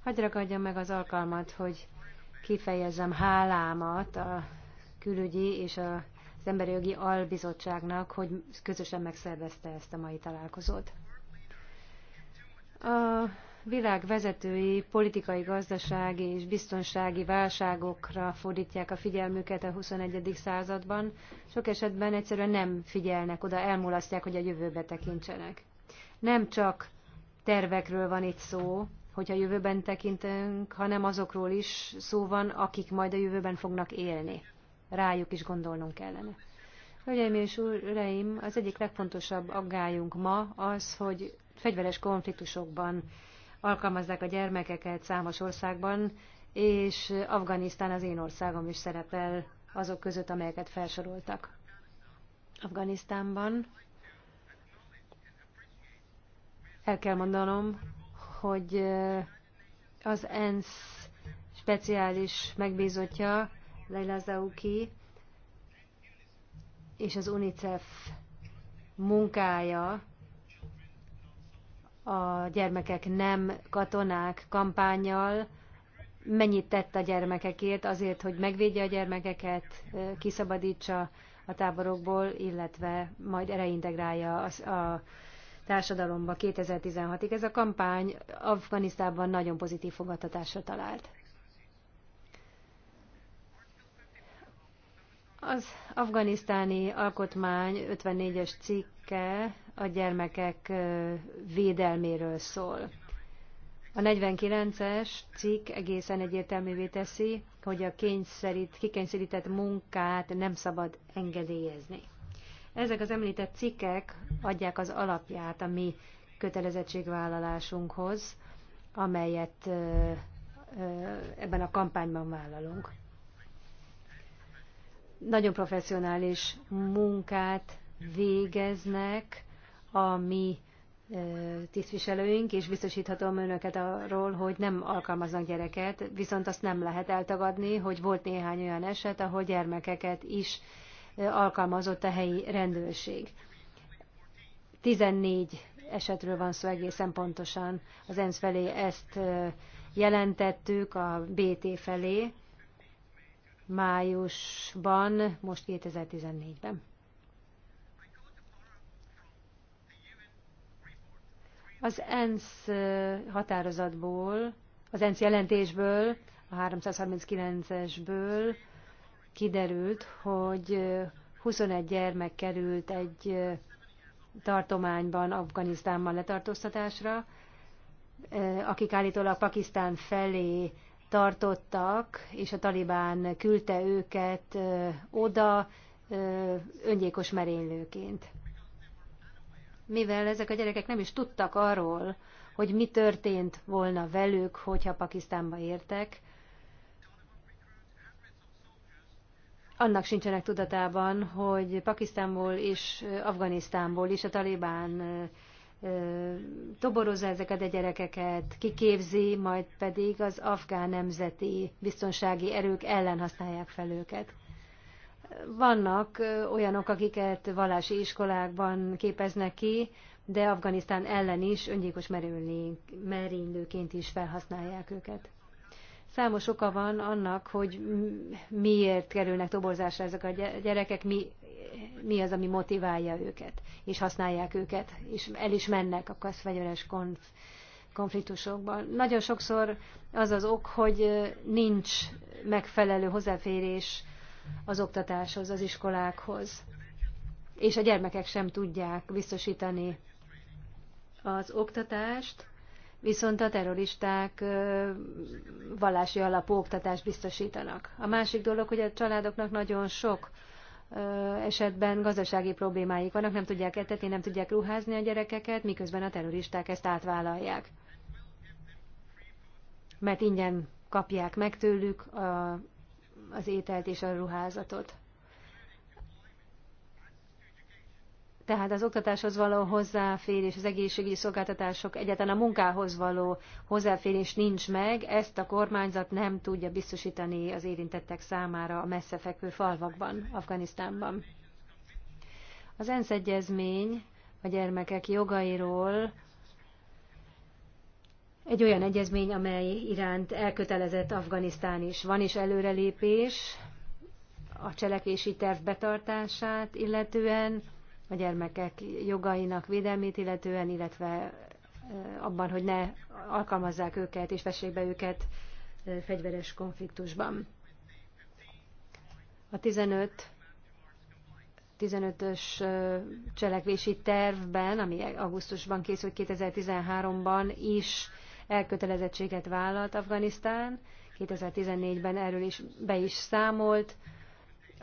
Hagyj ragadjam meg az alkalmat, hogy kifejezzem hálámat a külügyi és a, az Emberi Jogi Albizottságnak, hogy közösen megszervezte ezt a mai találkozót. A világ vezetői politikai, gazdasági és biztonsági válságokra fordítják a figyelmüket a 21. században. Sok esetben egyszerűen nem figyelnek oda, elmulasztják, hogy a jövőbe tekintsenek. Nem csak tervekről van itt szó, hogyha jövőben tekintünk, hanem azokról is szó van, akik majd a jövőben fognak élni rájuk is gondolnunk kellene. Hölgyeim és uraim, az egyik legfontosabb aggályunk ma az, hogy fegyveres konfliktusokban alkalmazzák a gyermekeket számos országban, és Afganisztán az én országom is szerepel azok között, amelyeket felsoroltak. Afganisztánban el kell mondanom, hogy az ENSZ speciális megbízottja Leila Zauki és az UNICEF munkája a gyermekek nem katonák kampányjal, mennyit tett a gyermekekért azért, hogy megvédje a gyermekeket, kiszabadítsa a táborokból, illetve majd reintegrálja a, társadalomba 2016-ig. Ez a kampány Afganisztánban nagyon pozitív fogadtatásra talált. Az afganisztáni alkotmány 54-es cikke a gyermekek védelméről szól. A 49-es cikk egészen egyértelművé teszi, hogy a kényszerít, kikényszerített munkát nem szabad engedélyezni. Ezek az említett cikkek adják az alapját a mi kötelezettségvállalásunkhoz, amelyet ebben a kampányban vállalunk nagyon professzionális munkát végeznek a mi tisztviselőink, és biztosíthatom önöket arról, hogy nem alkalmaznak gyereket, viszont azt nem lehet eltagadni, hogy volt néhány olyan eset, ahol gyermekeket is alkalmazott a helyi rendőrség. 14 esetről van szó egészen pontosan. Az ENSZ felé ezt jelentettük, a BT felé, májusban, most 2014-ben. Az ENSZ határozatból, az ENSZ jelentésből, a 339-esből kiderült, hogy 21 gyermek került egy tartományban, Afganisztánban letartóztatásra, akik állítólag Pakisztán felé tartottak, és a talibán küldte őket oda öngyilkos merénylőként. Mivel ezek a gyerekek nem is tudtak arról, hogy mi történt volna velük, hogyha Pakisztánba értek, annak sincsenek tudatában, hogy Pakisztánból és Afganisztánból is a talibán toborozza ezeket a gyerekeket, kiképzi, majd pedig az afgán nemzeti biztonsági erők ellen használják fel őket. Vannak olyanok, akiket vallási iskolákban képeznek ki, de Afganisztán ellen is öngyilkos merénylőként is felhasználják őket. Számos oka van annak, hogy miért kerülnek toborzásra ezek a gyerekek, mi, mi az, ami motiválja őket, és használják őket, és el is mennek a kaszfegyveres konf konfliktusokban. Nagyon sokszor az az ok, hogy nincs megfelelő hozzáférés az oktatáshoz, az iskolákhoz, és a gyermekek sem tudják biztosítani az oktatást, viszont a terroristák vallási alapú oktatást biztosítanak. A másik dolog, hogy a családoknak nagyon sok esetben gazdasági problémáik vannak, nem tudják etetni, nem tudják ruházni a gyerekeket, miközben a terroristák ezt átvállalják. Mert ingyen kapják meg tőlük a, az ételt és a ruházatot. tehát az oktatáshoz való hozzáférés, az egészségügyi szolgáltatások, egyáltalán a munkához való hozzáférés nincs meg, ezt a kormányzat nem tudja biztosítani az érintettek számára a fekvő falvakban, Afganisztánban. Az ENSZ egyezmény a gyermekek jogairól egy olyan egyezmény, amely iránt elkötelezett Afganisztán is. Van is előrelépés a cselekvési terv betartását illetően, a gyermekek jogainak védelmét illetően, illetve abban, hogy ne alkalmazzák őket és vessék be őket fegyveres konfliktusban. A 15 15-ös cselekvési tervben, ami augusztusban készült 2013-ban is elkötelezettséget vállalt Afganisztán, 2014-ben erről is be is számolt,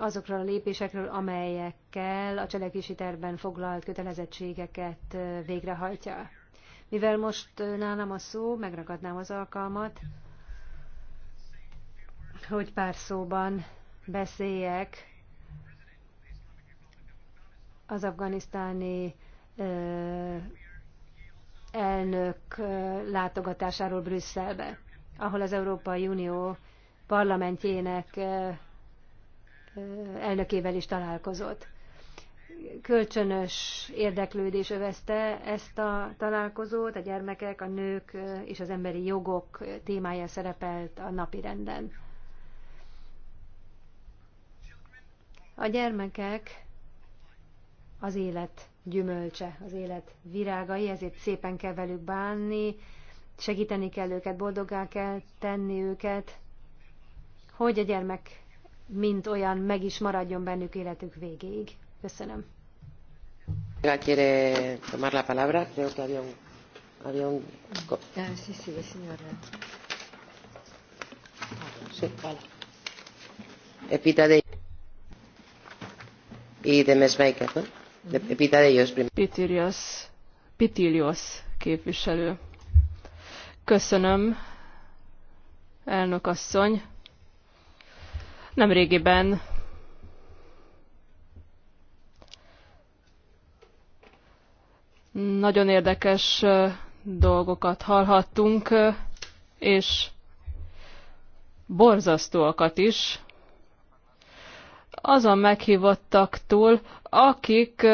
azokról a lépésekről, amelyekkel a cselekvési tervben foglalt kötelezettségeket végrehajtja. Mivel most nálam a szó, megragadnám az alkalmat, hogy pár szóban beszéljek az afganisztáni elnök látogatásáról Brüsszelbe, ahol az Európai Unió parlamentjének elnökével is találkozott. Kölcsönös érdeklődés övezte ezt a találkozót, a gyermekek, a nők és az emberi jogok témája szerepelt a napi renden. A gyermekek az élet gyümölcse, az élet virágai, ezért szépen kell velük bánni, segíteni kell őket, boldogá kell tenni őket, hogy a gyermek mint olyan meg is maradjon bennük életük végéig. Köszönöm. ¿Quiere tomar la palabra? Creo que había un, había un... Ah, sí, sí, señora. Sí, vale. Epita de... Y de Mesmaker, ¿no? De Epita de ellos primero. Pitilios képviselő. Köszönöm, elnök asszony. Nemrégiben nagyon érdekes dolgokat hallhattunk, és borzasztóakat is azon meghívottaktól, akik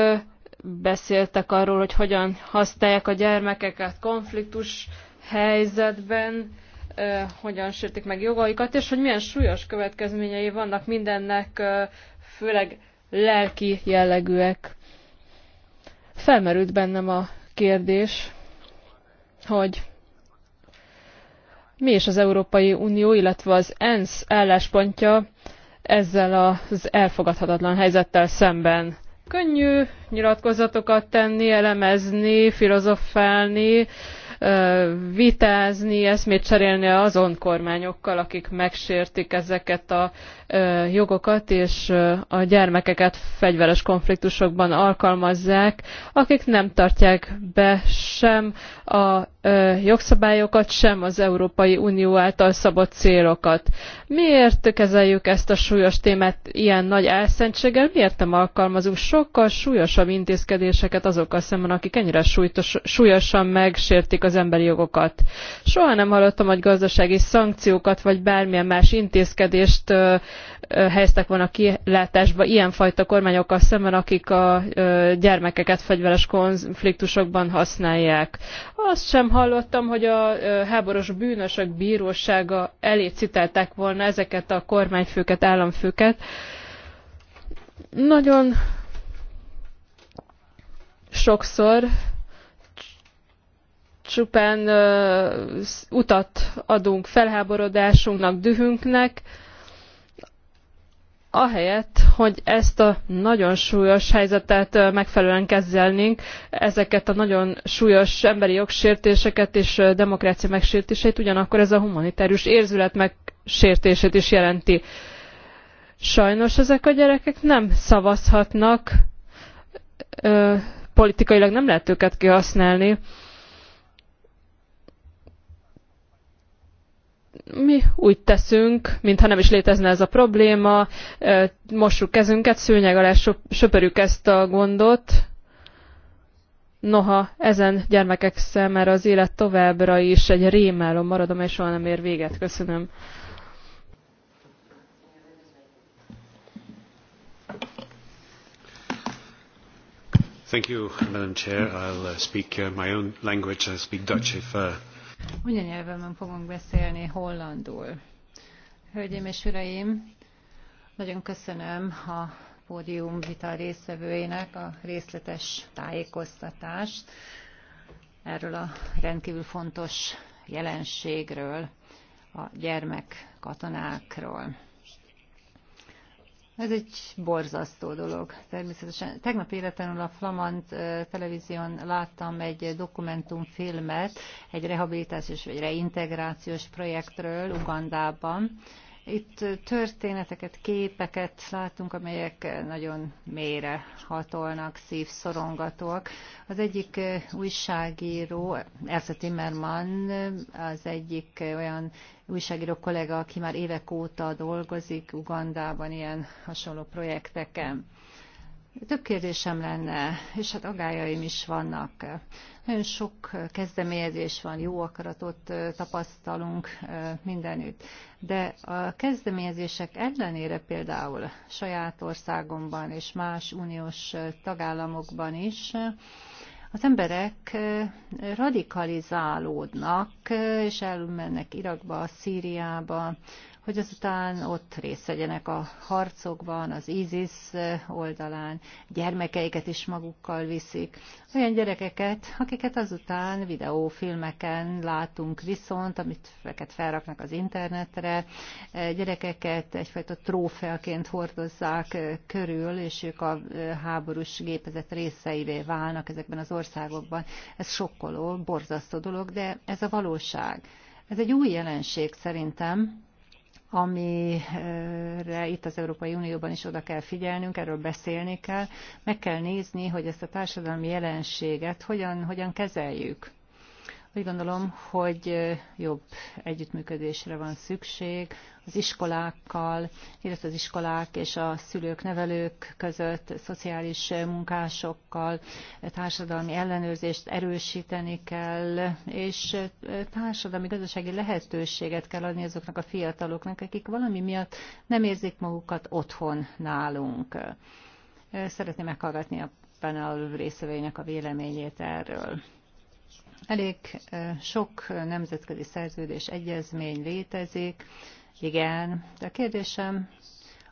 beszéltek arról, hogy hogyan használják a gyermekeket konfliktus helyzetben, hogyan sértik meg jogaikat, és hogy milyen súlyos következményei vannak mindennek, főleg lelki jellegűek. Felmerült bennem a kérdés, hogy mi is az Európai Unió, illetve az ENSZ álláspontja ezzel az elfogadhatatlan helyzettel szemben. Könnyű nyilatkozatokat tenni, elemezni, filozofálni, vitázni, eszmét cserélni azon kormányokkal, akik megsértik ezeket a jogokat, és a gyermekeket fegyveres konfliktusokban alkalmazzák, akik nem tartják be sem a jogszabályokat, sem az Európai Unió által szabott célokat. Miért kezeljük ezt a súlyos témát ilyen nagy elszentséggel? Miért nem alkalmazunk sokkal súlyosabb intézkedéseket azokkal szemben, akik ennyire súlytos, súlyosan megsértik a az emberi jogokat. Soha nem hallottam, hogy gazdasági szankciókat vagy bármilyen más intézkedést helyeztek volna kilátásba ilyenfajta kormányokkal szemben, akik a gyermekeket fegyveres konfliktusokban használják. Azt sem hallottam, hogy a háborús bűnösök bírósága elé citálták volna ezeket a kormányfőket, államfőket. Nagyon sokszor csupán utat adunk felháborodásunknak, dühünknek, ahelyett, hogy ezt a nagyon súlyos helyzetet megfelelően kezelnénk, ezeket a nagyon súlyos emberi jogsértéseket és demokrácia megsértését, ugyanakkor ez a humanitárius érzület megsértését is jelenti. Sajnos ezek a gyerekek nem szavazhatnak, ö, politikailag nem lehet őket kihasználni, mi úgy teszünk, mintha nem is létezne ez a probléma, mossuk kezünket, szőnyeg alá söpörjük ezt a gondot. Noha ezen gyermekek számára az élet továbbra is egy rémálom maradom és soha nem ér véget. Köszönöm. Thank you, Madam Chair. I'll uh, speak uh, my own language. I'll speak Dutch if uh, Anyanyelvemen fogunk beszélni hollandul. Hölgyeim és uraim, nagyon köszönöm a pódium vita résztvevőjének a részletes tájékoztatást erről a rendkívül fontos jelenségről, a gyermekkatonákról. Ez egy borzasztó dolog, természetesen. Tegnap életlenül a Flamand televízión láttam egy dokumentumfilmet egy rehabilitációs vagy reintegrációs projektről Ugandában. Itt történeteket, képeket látunk, amelyek nagyon mélyre hatolnak, szívszorongatóak. Az egyik újságíró, Elsa Timmerman, az egyik olyan újságíró kollega, aki már évek óta dolgozik Ugandában ilyen hasonló projekteken. Több kérdésem lenne, és hát agályaim is vannak. Nagyon sok kezdeményezés van, jó akaratot tapasztalunk mindenütt. De a kezdeményezések ellenére például saját országomban és más uniós tagállamokban is az emberek radikalizálódnak, és elmennek Irakba, Szíriába, hogy azután ott részt vegyenek a harcokban, az ISIS oldalán, gyermekeiket is magukkal viszik. Olyan gyerekeket, akiket azután videófilmeken látunk viszont, amit felraknak az internetre, gyerekeket egyfajta trófeaként hordozzák körül, és ők a háborús gépezet részeivé válnak ezekben az országokban. Ez sokkoló, borzasztó dolog, de ez a valóság. Ez egy új jelenség szerintem, amire itt az Európai Unióban is oda kell figyelnünk, erről beszélni kell, meg kell nézni, hogy ezt a társadalmi jelenséget hogyan, hogyan kezeljük úgy gondolom, hogy jobb együttműködésre van szükség az iskolákkal, illetve az iskolák és a szülők, nevelők között, szociális munkásokkal, társadalmi ellenőrzést erősíteni kell, és társadalmi gazdasági lehetőséget kell adni azoknak a fiataloknak, akik valami miatt nem érzik magukat otthon nálunk. Szeretném meghallgatni a panel részvevőinek a véleményét erről. Elég sok nemzetközi szerződés, egyezmény létezik. Igen, de a kérdésem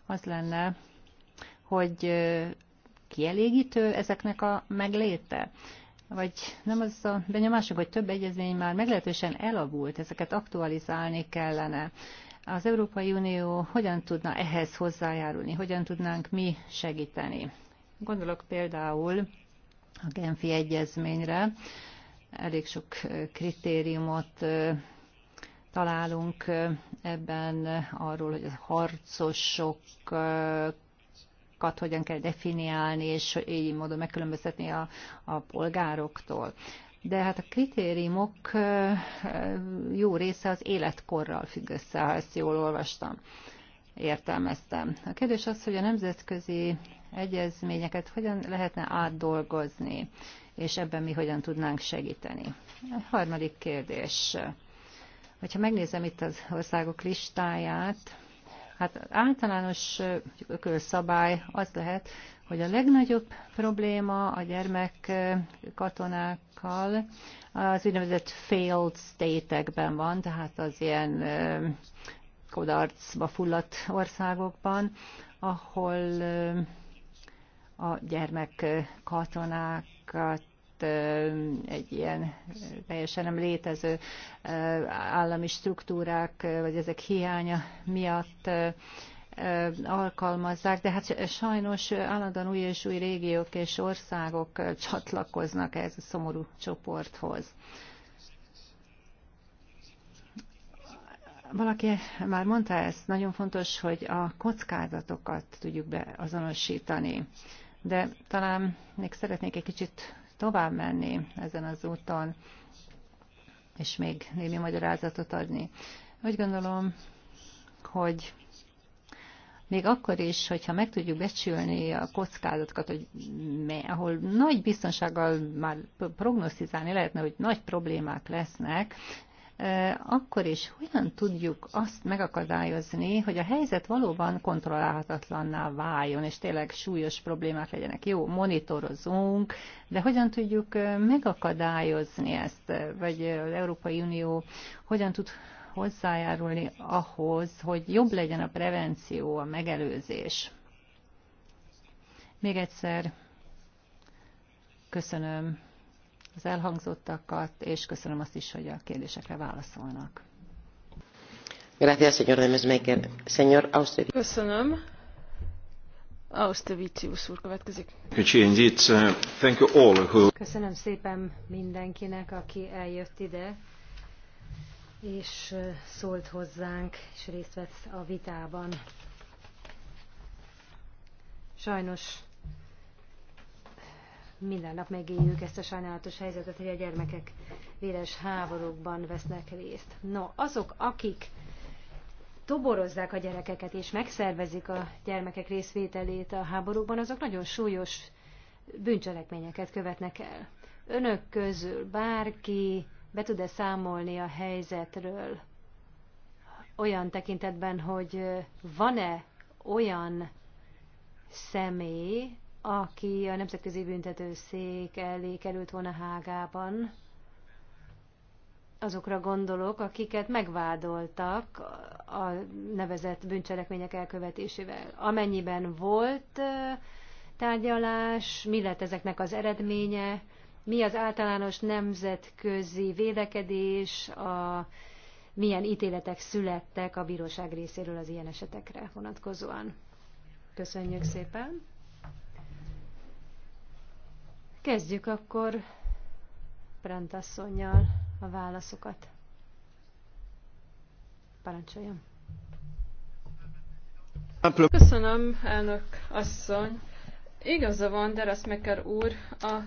az lenne, hogy kielégítő ezeknek a megléte? Vagy nem az a benyomásunk, hogy több egyezmény már meglehetősen elavult, ezeket aktualizálni kellene. Az Európai Unió hogyan tudna ehhez hozzájárulni, hogyan tudnánk mi segíteni? Gondolok például a Genfi egyezményre, Elég sok kritériumot találunk ebben arról, hogy a harcosokat hogyan kell definiálni, és így módon megkülönböztetni a, a polgároktól. De hát a kritériumok jó része az életkorral függ össze, ha ezt jól olvastam, értelmeztem. A kérdés az, hogy a nemzetközi egyezményeket hogyan lehetne átdolgozni és ebben mi hogyan tudnánk segíteni. A harmadik kérdés. Hogyha megnézem itt az országok listáját, hát általános ökölszabály az lehet, hogy a legnagyobb probléma a gyermek katonákkal az úgynevezett failed state-ekben van, tehát az ilyen kodarcba fulladt országokban, ahol a gyermek katonákat egy ilyen teljesen nem létező állami struktúrák, vagy ezek hiánya miatt alkalmazzák, de hát sajnos állandóan új és új régiók és országok csatlakoznak ehhez a szomorú csoporthoz. Valaki már mondta ezt, nagyon fontos, hogy a kockázatokat tudjuk beazonosítani. azonosítani de talán még szeretnék egy kicsit tovább menni ezen az úton, és még némi magyarázatot adni. Úgy gondolom, hogy még akkor is, hogyha meg tudjuk becsülni a kockázatokat, hogy ahol nagy biztonsággal már prognosztizálni lehetne, hogy nagy problémák lesznek, akkor is hogyan tudjuk azt megakadályozni, hogy a helyzet valóban kontrollálhatatlanná váljon, és tényleg súlyos problémák legyenek. Jó, monitorozunk, de hogyan tudjuk megakadályozni ezt, vagy az Európai Unió hogyan tud hozzájárulni ahhoz, hogy jobb legyen a prevenció, a megelőzés. Még egyszer köszönöm az elhangzottakat, és köszönöm azt is, hogy a kérdésekre válaszolnak. Gracias, señor Demesmaker. Señor Austervicius. Köszönöm. Austervicius úr következik. Uh, thank you all Köszönöm szépen mindenkinek, aki eljött ide, és uh, szólt hozzánk, és részt vett a vitában. Sajnos minden nap megéljük ezt a sajnálatos helyzetet, hogy a gyermekek véres háborúkban vesznek részt. No, azok, akik toborozzák a gyerekeket és megszervezik a gyermekek részvételét a háborúkban, azok nagyon súlyos bűncselekményeket követnek el. Önök közül bárki be tud-e számolni a helyzetről olyan tekintetben, hogy van-e olyan személy, aki a Nemzetközi Büntetőszék elé került volna Hágában. Azokra gondolok, akiket megvádoltak a nevezett bűncselekmények elkövetésével. Amennyiben volt tárgyalás, mi lett ezeknek az eredménye, mi az általános nemzetközi védekedés, a, milyen ítéletek születtek a bíróság részéről az ilyen esetekre vonatkozóan. Köszönjük szépen! Kezdjük akkor Brent a válaszokat. Parancsoljon. Köszönöm, elnök asszony. Igaza van, Derasz Mekker úr, a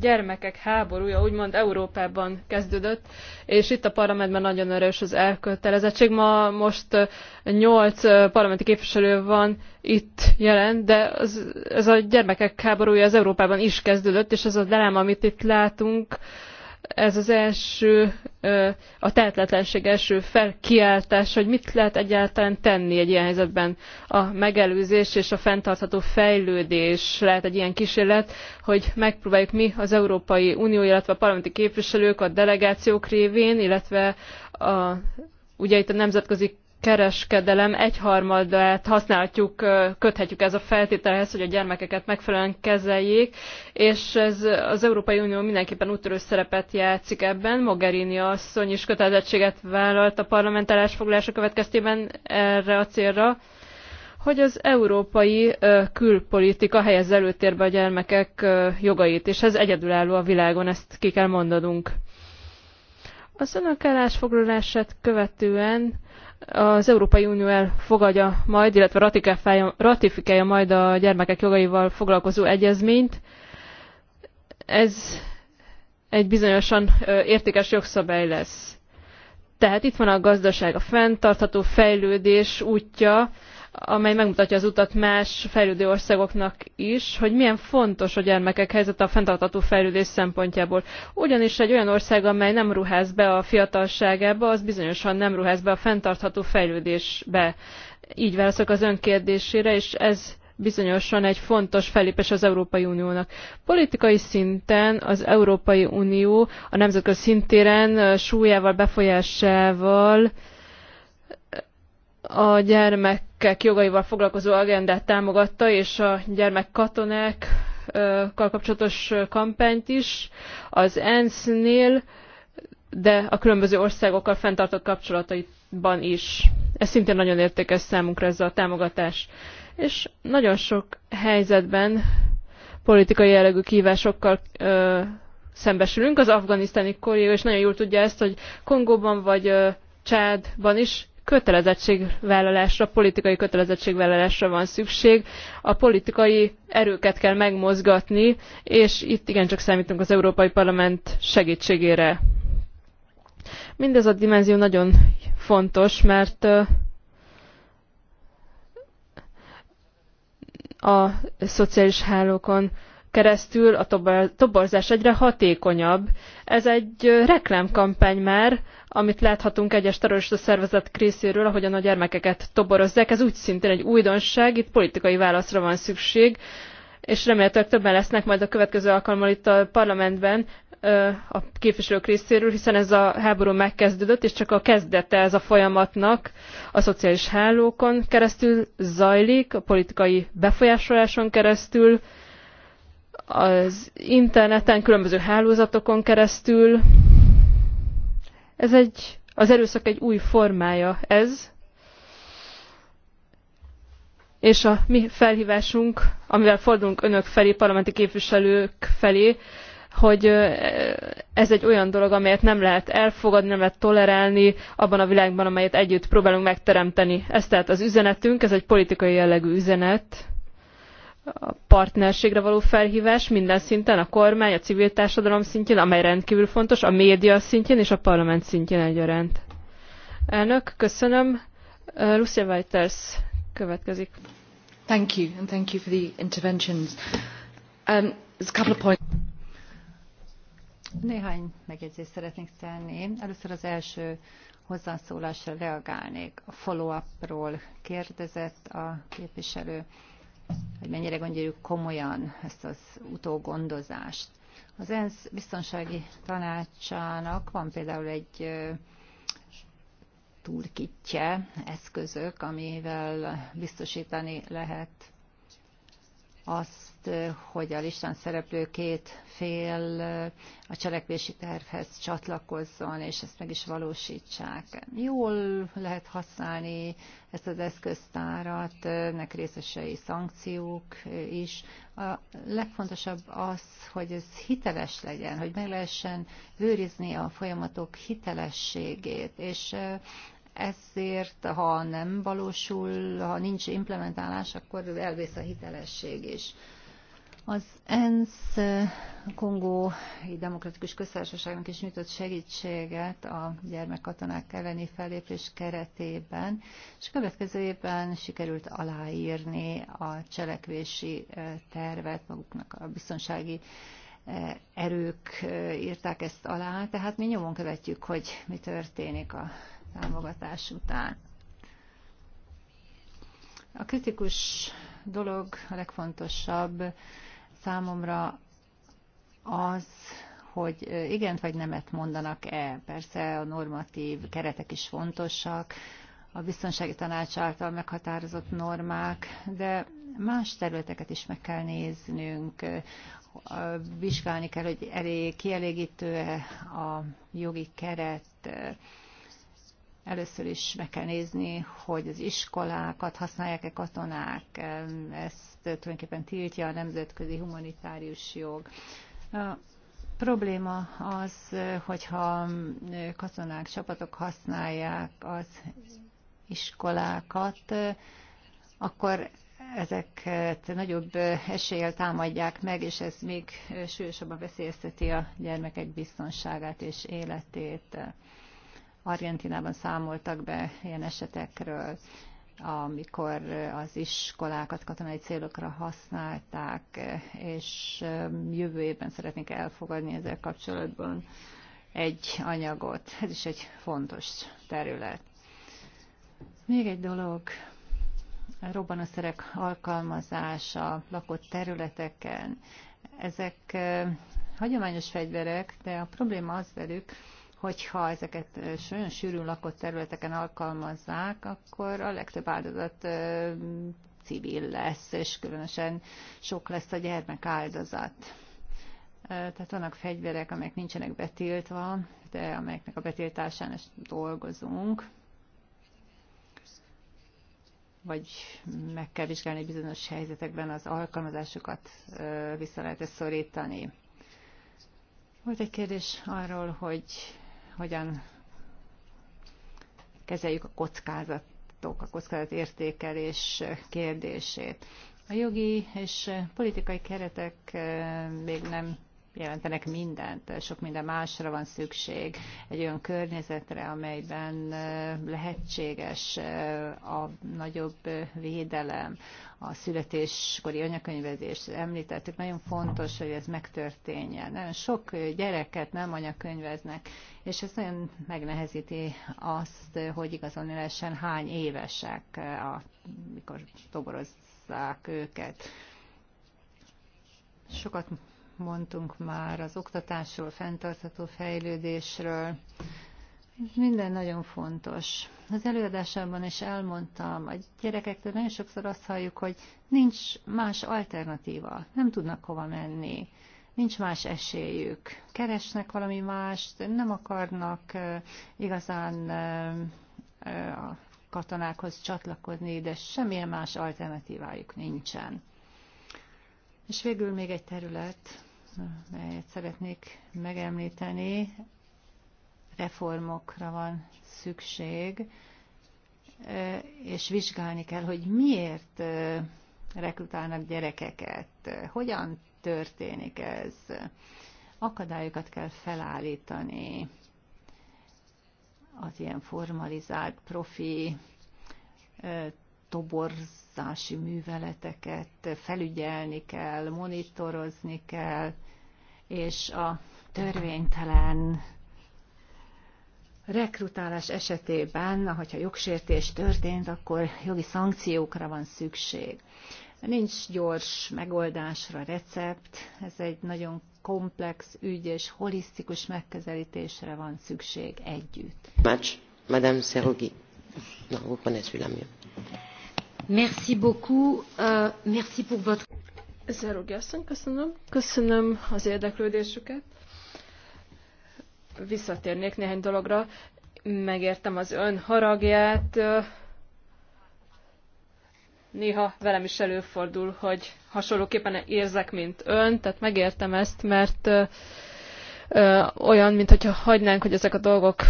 gyermekek háborúja úgymond Európában kezdődött, és itt a parlamentben nagyon erős az elkötelezettség. Ma most eh, nyolc eh, parlamenti képviselő van itt jelen, de az, ez a gyermekek háborúja az Európában is kezdődött, és ez a dráma, amit itt látunk, ez az első a tehetetlenség első felkiáltás, hogy mit lehet egyáltalán tenni egy ilyen helyzetben. A megelőzés és a fenntartható fejlődés lehet egy ilyen kísérlet, hogy megpróbáljuk mi az Európai Unió, illetve a parlamenti képviselők a delegációk révén, illetve a, ugye itt a nemzetközi kereskedelem egyharmadát használhatjuk, köthetjük ez a feltételhez, hogy a gyermekeket megfelelően kezeljék, és ez az Európai Unió mindenképpen úttörő szerepet játszik ebben. Mogherini asszony is kötelezettséget vállalt a parlamentárás foglalása következtében erre a célra, hogy az európai külpolitika helyez előtérbe a gyermekek jogait, és ez egyedülálló a világon, ezt ki kell mondanunk. Az önök állásfoglalását követően az Európai Unió elfogadja majd, illetve ratifikálja majd a gyermekek jogaival foglalkozó egyezményt. Ez egy bizonyosan értékes jogszabály lesz. Tehát itt van a gazdaság, a fenntartható fejlődés útja, amely megmutatja az utat más fejlődő országoknak is, hogy milyen fontos a gyermekek helyzete a fenntartható fejlődés szempontjából. Ugyanis egy olyan ország, amely nem ruház be a fiatalságába, az bizonyosan nem ruház be a fenntartható fejlődésbe. Így válaszolok az kérdésére és ez bizonyosan egy fontos felépés az Európai Uniónak. Politikai szinten az Európai Unió a nemzetközi szintéren súlyával, befolyásával a gyermekek jogaival foglalkozó agendát támogatta, és a gyermekkatonákkal kapcsolatos kampányt is az ENSZ-nél, de a különböző országokkal fenntartott kapcsolataiban is. Ez szintén nagyon értékes számunkra ez a támogatás. És nagyon sok helyzetben politikai jellegű kívásokkal ö, szembesülünk. Az afganisztáni kolléga is nagyon jól tudja ezt, hogy Kongóban vagy ö, Csádban is kötelezettségvállalásra, politikai kötelezettségvállalásra van szükség. A politikai erőket kell megmozgatni, és itt igencsak számítunk az Európai Parlament segítségére. Mindez a dimenzió nagyon fontos, mert a szociális hálókon keresztül a toborzás egyre hatékonyabb. Ez egy reklámkampány már, amit láthatunk egyes terrorista szervezet részéről, ahogyan a gyermekeket toborozzák. Ez úgy szintén egy újdonság, itt politikai válaszra van szükség, és remélhetőleg többen lesznek majd a következő alkalommal itt a parlamentben a képviselők részéről, hiszen ez a háború megkezdődött, és csak a kezdete ez a folyamatnak a szociális hálókon keresztül zajlik, a politikai befolyásoláson keresztül, az interneten, különböző hálózatokon keresztül. Ez egy, az erőszak egy új formája ez, és a mi felhívásunk, amivel fordulunk önök felé, parlamenti képviselők felé, hogy ez egy olyan dolog, amelyet nem lehet elfogadni, nem lehet tolerálni abban a világban, amelyet együtt próbálunk megteremteni. Ez tehát az üzenetünk, ez egy politikai jellegű üzenet, a partnerségre való felhívás minden szinten, a kormány, a civil társadalom szintjén, amely rendkívül fontos, a média szintjén és a parlament szintjén egyaránt. Elnök, köszönöm. Lucia Weiters következik. Thank you, and thank you for the interventions. Um, there's a couple of points. Néhány megjegyzést szeretnék tenni. Először az első hozzászólásra reagálnék. A follow-upról kérdezett a képviselő hogy mennyire gondoljuk komolyan ezt az utógondozást. Az ENSZ biztonsági tanácsának van például egy túlkitje, eszközök, amivel biztosítani lehet azt, hogy a listán szereplő két fél a cselekvési tervhez csatlakozzon, és ezt meg is valósítsák. Jól lehet használni ezt az eszköztárat, nek részesei szankciók is. A legfontosabb az, hogy ez hiteles legyen, hogy meg lehessen őrizni a folyamatok hitelességét, és ezért, ha nem valósul, ha nincs implementálás, akkor elvész a hitelesség is. Az ENSZ Kongó Demokratikus Köztársaságnak is nyújtott segítséget a gyermekkatonák elleni fellépés keretében, és következő évben sikerült aláírni a cselekvési eh, tervet maguknak a biztonsági eh, erők eh, írták ezt alá, tehát mi nyomon követjük, hogy mi történik a támogatás után. A kritikus dolog, a legfontosabb számomra az, hogy igent vagy nemet mondanak-e. Persze a normatív keretek is fontosak, a biztonsági tanács által meghatározott normák, de más területeket is meg kell néznünk, vizsgálni kell, hogy elég kielégítő -e a jogi keret, Először is meg kell nézni, hogy az iskolákat használják-e katonák, ezt tulajdonképpen tiltja a nemzetközi humanitárius jog. A probléma az, hogyha katonák, csapatok használják az iskolákat, akkor ezeket nagyobb eséllyel támadják meg, és ez még súlyosabban veszélyezteti a gyermekek biztonságát és életét. Argentinában számoltak be ilyen esetekről, amikor az iskolákat katonai célokra használták, és um, jövő évben szeretnék elfogadni ezzel kapcsolatban egy anyagot. Ez is egy fontos terület. Még egy dolog, a robbanószerek alkalmazása lakott területeken. Ezek um, hagyományos fegyverek, de a probléma az velük, hogyha ezeket olyan sűrűn lakott területeken alkalmazzák, akkor a legtöbb áldozat civil lesz, és különösen sok lesz a gyermek áldozat. Tehát vannak fegyverek, amelyek nincsenek betiltva, de amelyeknek a betiltásán is dolgozunk, vagy meg kell vizsgálni bizonyos helyzetekben az alkalmazásokat vissza lehet -e szorítani. Volt egy kérdés arról, hogy hogyan kezeljük a kockázatok, a értékelés kérdését. A jogi és politikai keretek eh, még nem jelentenek mindent, sok minden másra van szükség, egy olyan környezetre, amelyben lehetséges a nagyobb védelem, a születéskori anyakönyvezést említettük, nagyon fontos, hogy ez megtörténjen. Nagyon sok gyereket nem anyakönyveznek, és ez nagyon megnehezíti azt, hogy igazolni lehessen hány évesek, amikor toborozzák őket. Sokat mondtunk már az oktatásról, fenntartható fejlődésről. Minden nagyon fontos. Az előadásában is elmondtam, a gyerekektől nagyon sokszor azt halljuk, hogy nincs más alternatíva, nem tudnak hova menni, nincs más esélyük, keresnek valami mást, nem akarnak igazán a katonákhoz csatlakozni, de semmilyen más alternatívájuk nincsen. És végül még egy terület, melyet szeretnék megemlíteni, reformokra van szükség, és vizsgálni kell, hogy miért rekrutálnak gyerekeket, hogyan történik ez, akadályokat kell felállítani az ilyen formalizált profi toborzási műveleteket felügyelni kell, monitorozni kell, és a törvénytelen rekrutálás esetében, ahogyha jogsértés történt, akkor jogi szankciókra van szükség. Nincs gyors megoldásra recept, ez egy nagyon komplex ügy és holisztikus megközelítésre van szükség együtt. Mács, Madame Serogi. Non, vous prenez celui-là Merci beaucoup, euh, merci köszönöm. Köszönöm az érdeklődésüket. Visszatérnék néhány dologra. Megértem az ön haragját. Néha velem is előfordul, hogy hasonlóképpen érzek, mint ön, tehát megértem ezt, mert olyan, mintha hagynánk, hogy ezek a dolgok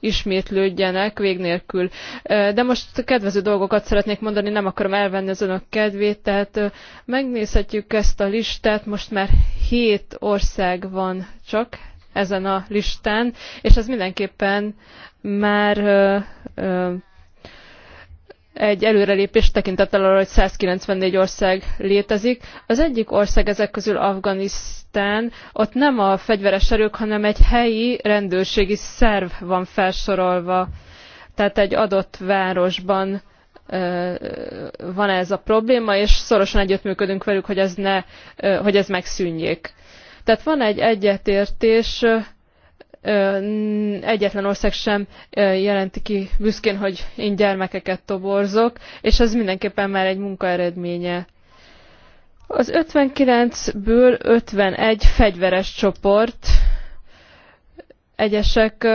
ismétlődjenek vég nélkül. De most kedvező dolgokat szeretnék mondani, nem akarom elvenni az önök kedvét, tehát megnézhetjük ezt a listát, most már hét ország van csak ezen a listán, és ez mindenképpen már egy előrelépés tekintettel arra, hogy 194 ország létezik. Az egyik ország ezek közül Afganisztán, ott nem a fegyveres erők, hanem egy helyi rendőrségi szerv van felsorolva. Tehát egy adott városban van ez a probléma, és szorosan együttműködünk velük, hogy ez, ne, hogy ez megszűnjék. Tehát van egy egyetértés, egyetlen ország sem jelenti ki büszkén, hogy én gyermekeket toborzok, és ez mindenképpen már egy munka eredménye. Az 59-ből 51 fegyveres csoport, egyesek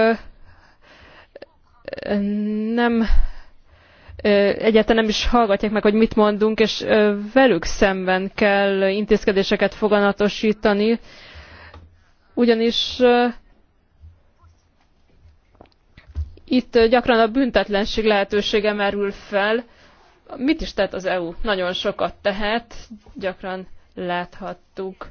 nem egyáltalán nem is hallgatják meg, hogy mit mondunk, és velük szemben kell intézkedéseket foganatosítani, ugyanis itt gyakran a büntetlenség lehetősége merül fel. Mit is tett az EU? Nagyon sokat tehet, gyakran láthattuk,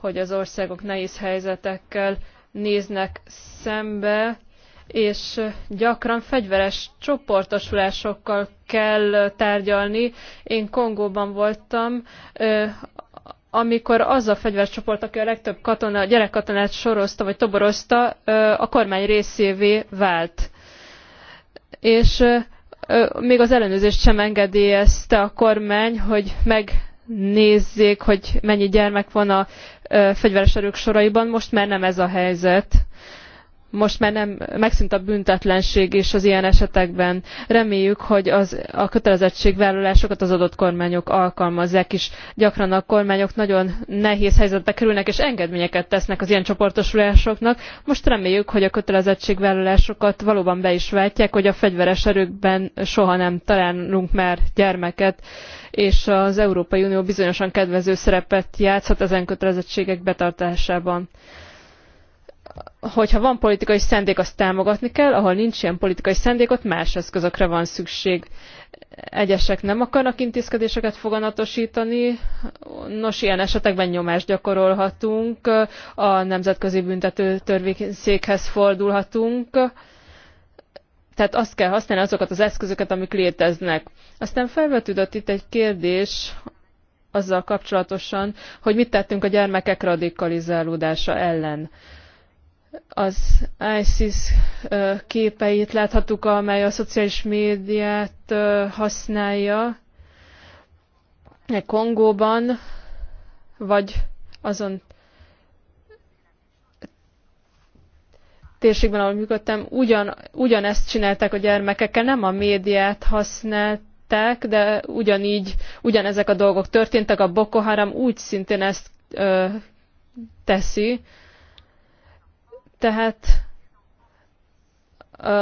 hogy az országok nehéz helyzetekkel néznek szembe, és gyakran fegyveres csoportosulásokkal kell tárgyalni. Én Kongóban voltam, amikor az a fegyvercsoport, aki a legtöbb katona, gyerekkatonát sorozta vagy toborozta, a kormány részévé vált. És még az ellenőrzést sem engedélyezte a kormány, hogy megnézzék, hogy mennyi gyermek van a fegyveres erők soraiban. Most már nem ez a helyzet most már nem megszűnt a büntetlenség is az ilyen esetekben. Reméljük, hogy az, a kötelezettségvállalásokat az adott kormányok alkalmazzák is. Gyakran a kormányok nagyon nehéz helyzetbe kerülnek, és engedményeket tesznek az ilyen csoportosulásoknak. Most reméljük, hogy a kötelezettségvállalásokat valóban be is váltják, hogy a fegyveres erőkben soha nem találunk már gyermeket, és az Európai Unió bizonyosan kedvező szerepet játszhat ezen kötelezettségek betartásában hogyha van politikai szendék, azt támogatni kell, ahol nincs ilyen politikai szendék, ott más eszközökre van szükség. Egyesek nem akarnak intézkedéseket foganatosítani, nos, ilyen esetekben nyomást gyakorolhatunk, a Nemzetközi Büntető Törvényszékhez fordulhatunk, tehát azt kell használni azokat az eszközöket, amik léteznek. Aztán felvetődött itt egy kérdés azzal kapcsolatosan, hogy mit tettünk a gyermekek radikalizálódása ellen az ISIS képeit láthattuk, amely a szociális médiát használja e Kongóban, vagy azon térségben, ahol működtem, ugyan, ugyanezt csinálták a gyermekekkel, nem a médiát használták, de ugyanígy, ugyanezek a dolgok történtek, a Boko Haram úgy szintén ezt ö, teszi, tehát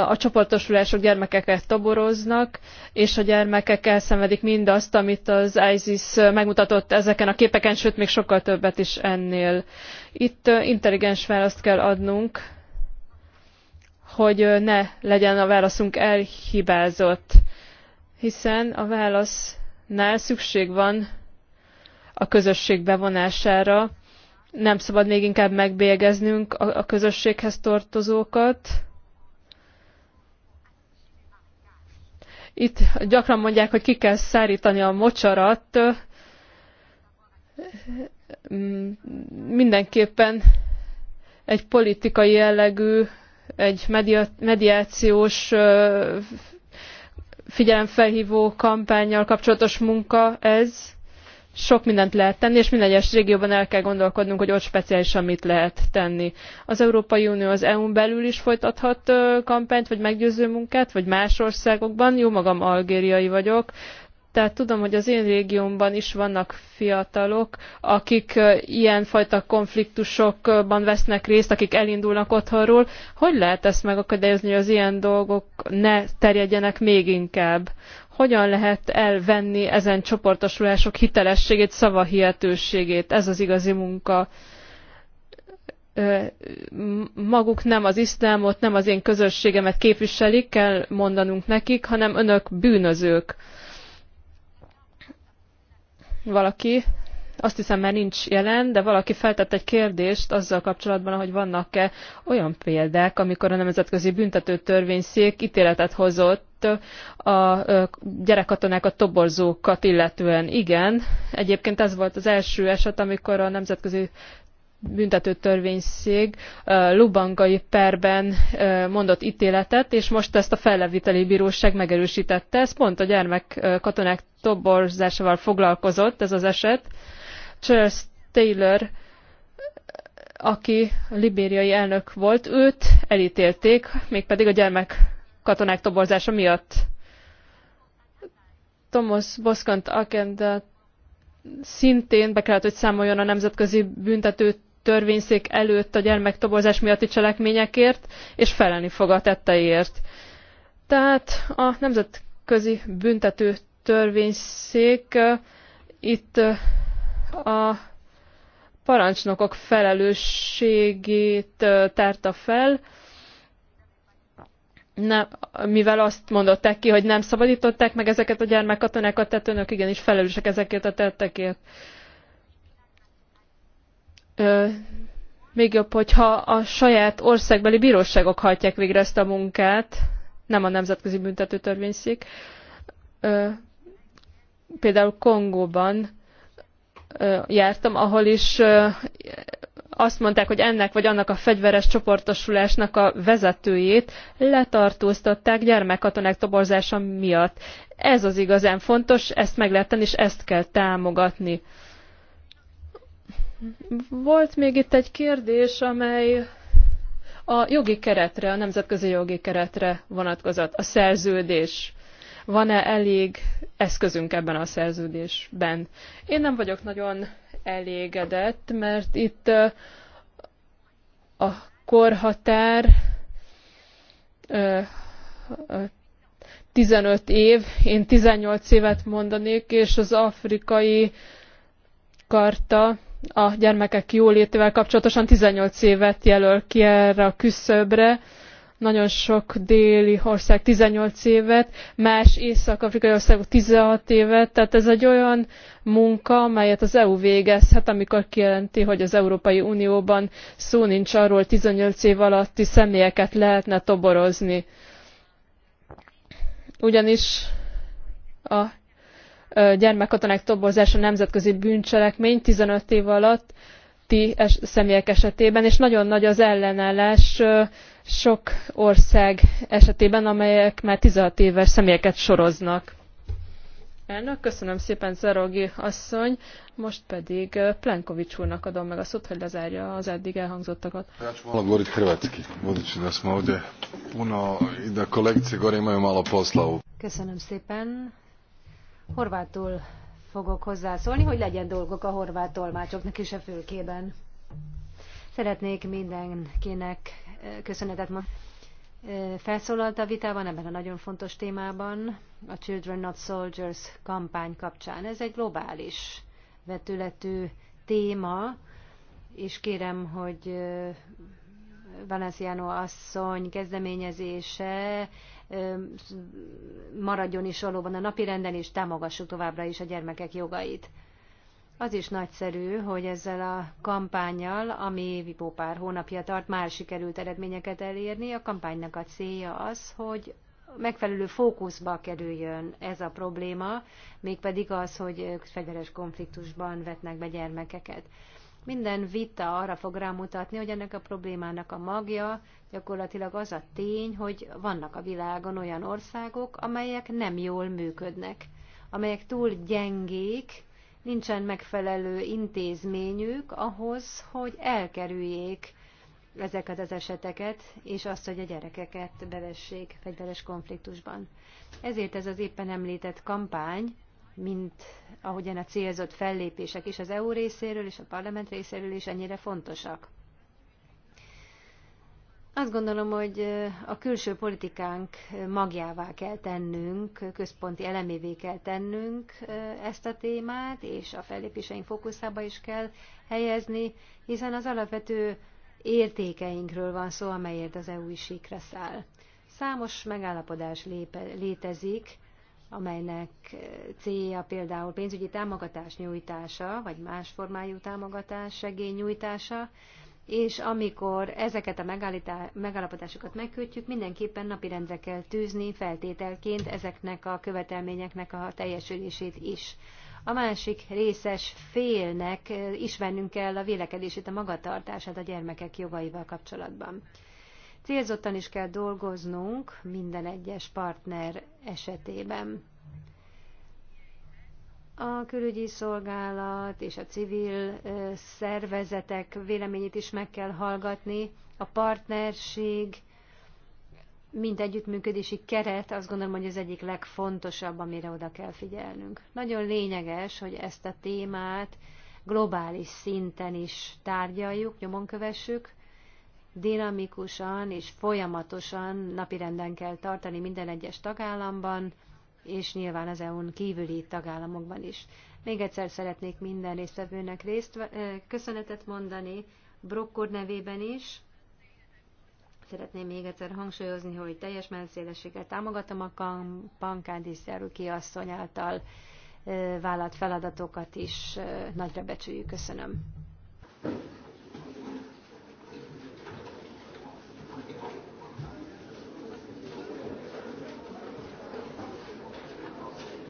a csoportosulások gyermekeket toboroznak, és a gyermekek elszenvedik mindazt, amit az ISIS megmutatott ezeken a képeken, sőt még sokkal többet is ennél. Itt intelligens választ kell adnunk, hogy ne legyen a válaszunk elhibázott, hiszen a válasznál szükség van a közösség bevonására, nem szabad még inkább megbélyegeznünk a, a közösséghez tartozókat. Itt gyakran mondják, hogy ki kell szárítani a mocsarat. Mindenképpen egy politikai jellegű, egy mediációs figyelemfelhívó kampányjal kapcsolatos munka ez sok mindent lehet tenni, és minden egyes régióban el kell gondolkodnunk, hogy ott speciálisan mit lehet tenni. Az Európai Unió az EU-n belül is folytathat kampányt, vagy meggyőző munkát, vagy más országokban. Jó magam algériai vagyok, tehát tudom, hogy az én régiómban is vannak fiatalok, akik ilyenfajta konfliktusokban vesznek részt, akik elindulnak otthonról. Hogy lehet ezt megakadályozni, hogy az ilyen dolgok ne terjedjenek még inkább? hogyan lehet elvenni ezen csoportosulások hitelességét, szavahihetőségét. Ez az igazi munka. Maguk nem az iszlámot, nem az én közösségemet képviselik, kell mondanunk nekik, hanem önök bűnözők. Valaki, azt hiszem már nincs jelen, de valaki feltett egy kérdést azzal kapcsolatban, hogy vannak-e olyan példák, amikor a Nemzetközi Büntető Törvényszék ítéletet hozott a gyerekkatonákat, toborzókat illetően. Igen, egyébként ez volt az első eset, amikor a Nemzetközi büntető törvényszég lubangai perben mondott ítéletet, és most ezt a felleviteli bíróság megerősítette. Ez pont a gyermek katonák toborzásával foglalkozott ez az eset. Charles Taylor aki libériai elnök volt, őt elítélték, mégpedig a gyermek katonák toborzása miatt. Thomas Boskant Agenda szintén be kellett, hogy számoljon a Nemzetközi Büntető Törvényszék előtt a gyermek toborzás miatti cselekményekért, és felelni fog a tetteiért. Tehát a Nemzetközi Büntető Törvényszék itt a parancsnokok felelősségét tárta fel, nem, mivel azt mondották ki, hogy nem szabadították meg ezeket a gyermekkatonákat, tehát önök igenis felelősek ezekért a tettekért. Ö, még jobb, hogyha a saját országbeli bíróságok hajtják végre ezt a munkát, nem a Nemzetközi Büntetőtörvényszék. Ö, például Kongóban ö, jártam, ahol is ö, azt mondták, hogy ennek vagy annak a fegyveres csoportosulásnak a vezetőjét letartóztatták gyermekkatonák toborzása miatt. Ez az igazán fontos, ezt meg lehet tenni, és ezt kell támogatni. Volt még itt egy kérdés, amely a jogi keretre, a nemzetközi jogi keretre vonatkozott, a szerződés. Van-e elég eszközünk ebben a szerződésben? Én nem vagyok nagyon elégedett, mert itt a korhatár 15 év, én 18 évet mondanék, és az afrikai karta a gyermekek jólétével kapcsolatosan 18 évet jelöl ki erre a küszöbre, nagyon sok déli ország 18 évet, más észak-afrikai országok 16 évet, tehát ez egy olyan munka, amelyet az EU végezhet, amikor kijelenti, hogy az Európai Unióban szó nincs arról 18 év alatti személyeket lehetne toborozni. Ugyanis a gyermekkatonák toborzása nemzetközi bűncselekmény 15 év alatt ti személyek esetében, és nagyon nagy az ellenállás sok ország esetében, amelyek már 16 éves személyeket soroznak. Elnök, köszönöm szépen, Zerogi asszony. Most pedig Plenkovics úrnak adom meg a szót, hogy lezárja az eddig elhangzottakat. Hvala govorit hrvatski, budući da smo ovdje puno i da kolegice gore imaju malo posla. Köszönöm szépen. Horvátul fogok hozzászólni, hogy legyen dolgok a horvát tolmácsoknak is a fülkében. Szeretnék mindenkinek köszönetet ma felszólalt a vitában ebben a nagyon fontos témában, a Children Not Soldiers kampány kapcsán. Ez egy globális vetületű téma, és kérem, hogy Valenciano asszony kezdeményezése maradjon is valóban a napirenden, és támogassuk továbbra is a gyermekek jogait. Az is nagyszerű, hogy ezzel a kampányjal, ami Vipó pár hónapja tart, már sikerült eredményeket elérni. A kampánynak a célja az, hogy megfelelő fókuszba kerüljön ez a probléma, mégpedig az, hogy ők fegyveres konfliktusban vetnek be gyermekeket. Minden vita arra fog rámutatni, hogy ennek a problémának a magja gyakorlatilag az a tény, hogy vannak a világon olyan országok, amelyek nem jól működnek, amelyek túl gyengék, nincsen megfelelő intézményük ahhoz, hogy elkerüljék ezeket az eseteket, és azt, hogy a gyerekeket bevessék fegyveres konfliktusban. Ezért ez az éppen említett kampány, mint ahogyan a célzott fellépések is az EU részéről és a parlament részéről is ennyire fontosak. Azt gondolom, hogy eh, a külső politikánk eh, magjává kell tennünk, központi elemévé kell tennünk eh, ezt a témát, és a fellépéseink fókuszába is kell helyezni, hiszen az alapvető értékeinkről van szó, amelyért az EU is síkra száll. Számos megállapodás lépe, létezik, amelynek célja például pénzügyi támogatás nyújtása, vagy más formájú támogatás segély nyújtása, és amikor ezeket a megállapodásokat megkötjük, mindenképpen napirendre kell tűzni feltételként ezeknek a követelményeknek a teljesülését is. A másik részes félnek eh, ismernünk kell a vélekedését, a magatartását a gyermekek jogaival kapcsolatban. Célzottan is kell dolgoznunk minden egyes partner esetében a külügyi szolgálat és a civil szervezetek véleményét is meg kell hallgatni. A partnerség, mint együttműködési keret, azt gondolom, hogy az egyik legfontosabb, amire oda kell figyelnünk. Nagyon lényeges, hogy ezt a témát globális szinten is tárgyaljuk, nyomon kövessük, dinamikusan és folyamatosan napirenden kell tartani minden egyes tagállamban, és nyilván az EU-n kívüli tagállamokban is. Még egyszer szeretnék minden résztvevőnek részt, köszönetet mondani, Brokkor nevében is. Szeretném még egyszer hangsúlyozni, hogy teljes menszélességgel támogatom a kampánykát, és Szeruki asszony által vállalt feladatokat is nagyra becsüljük. Köszönöm.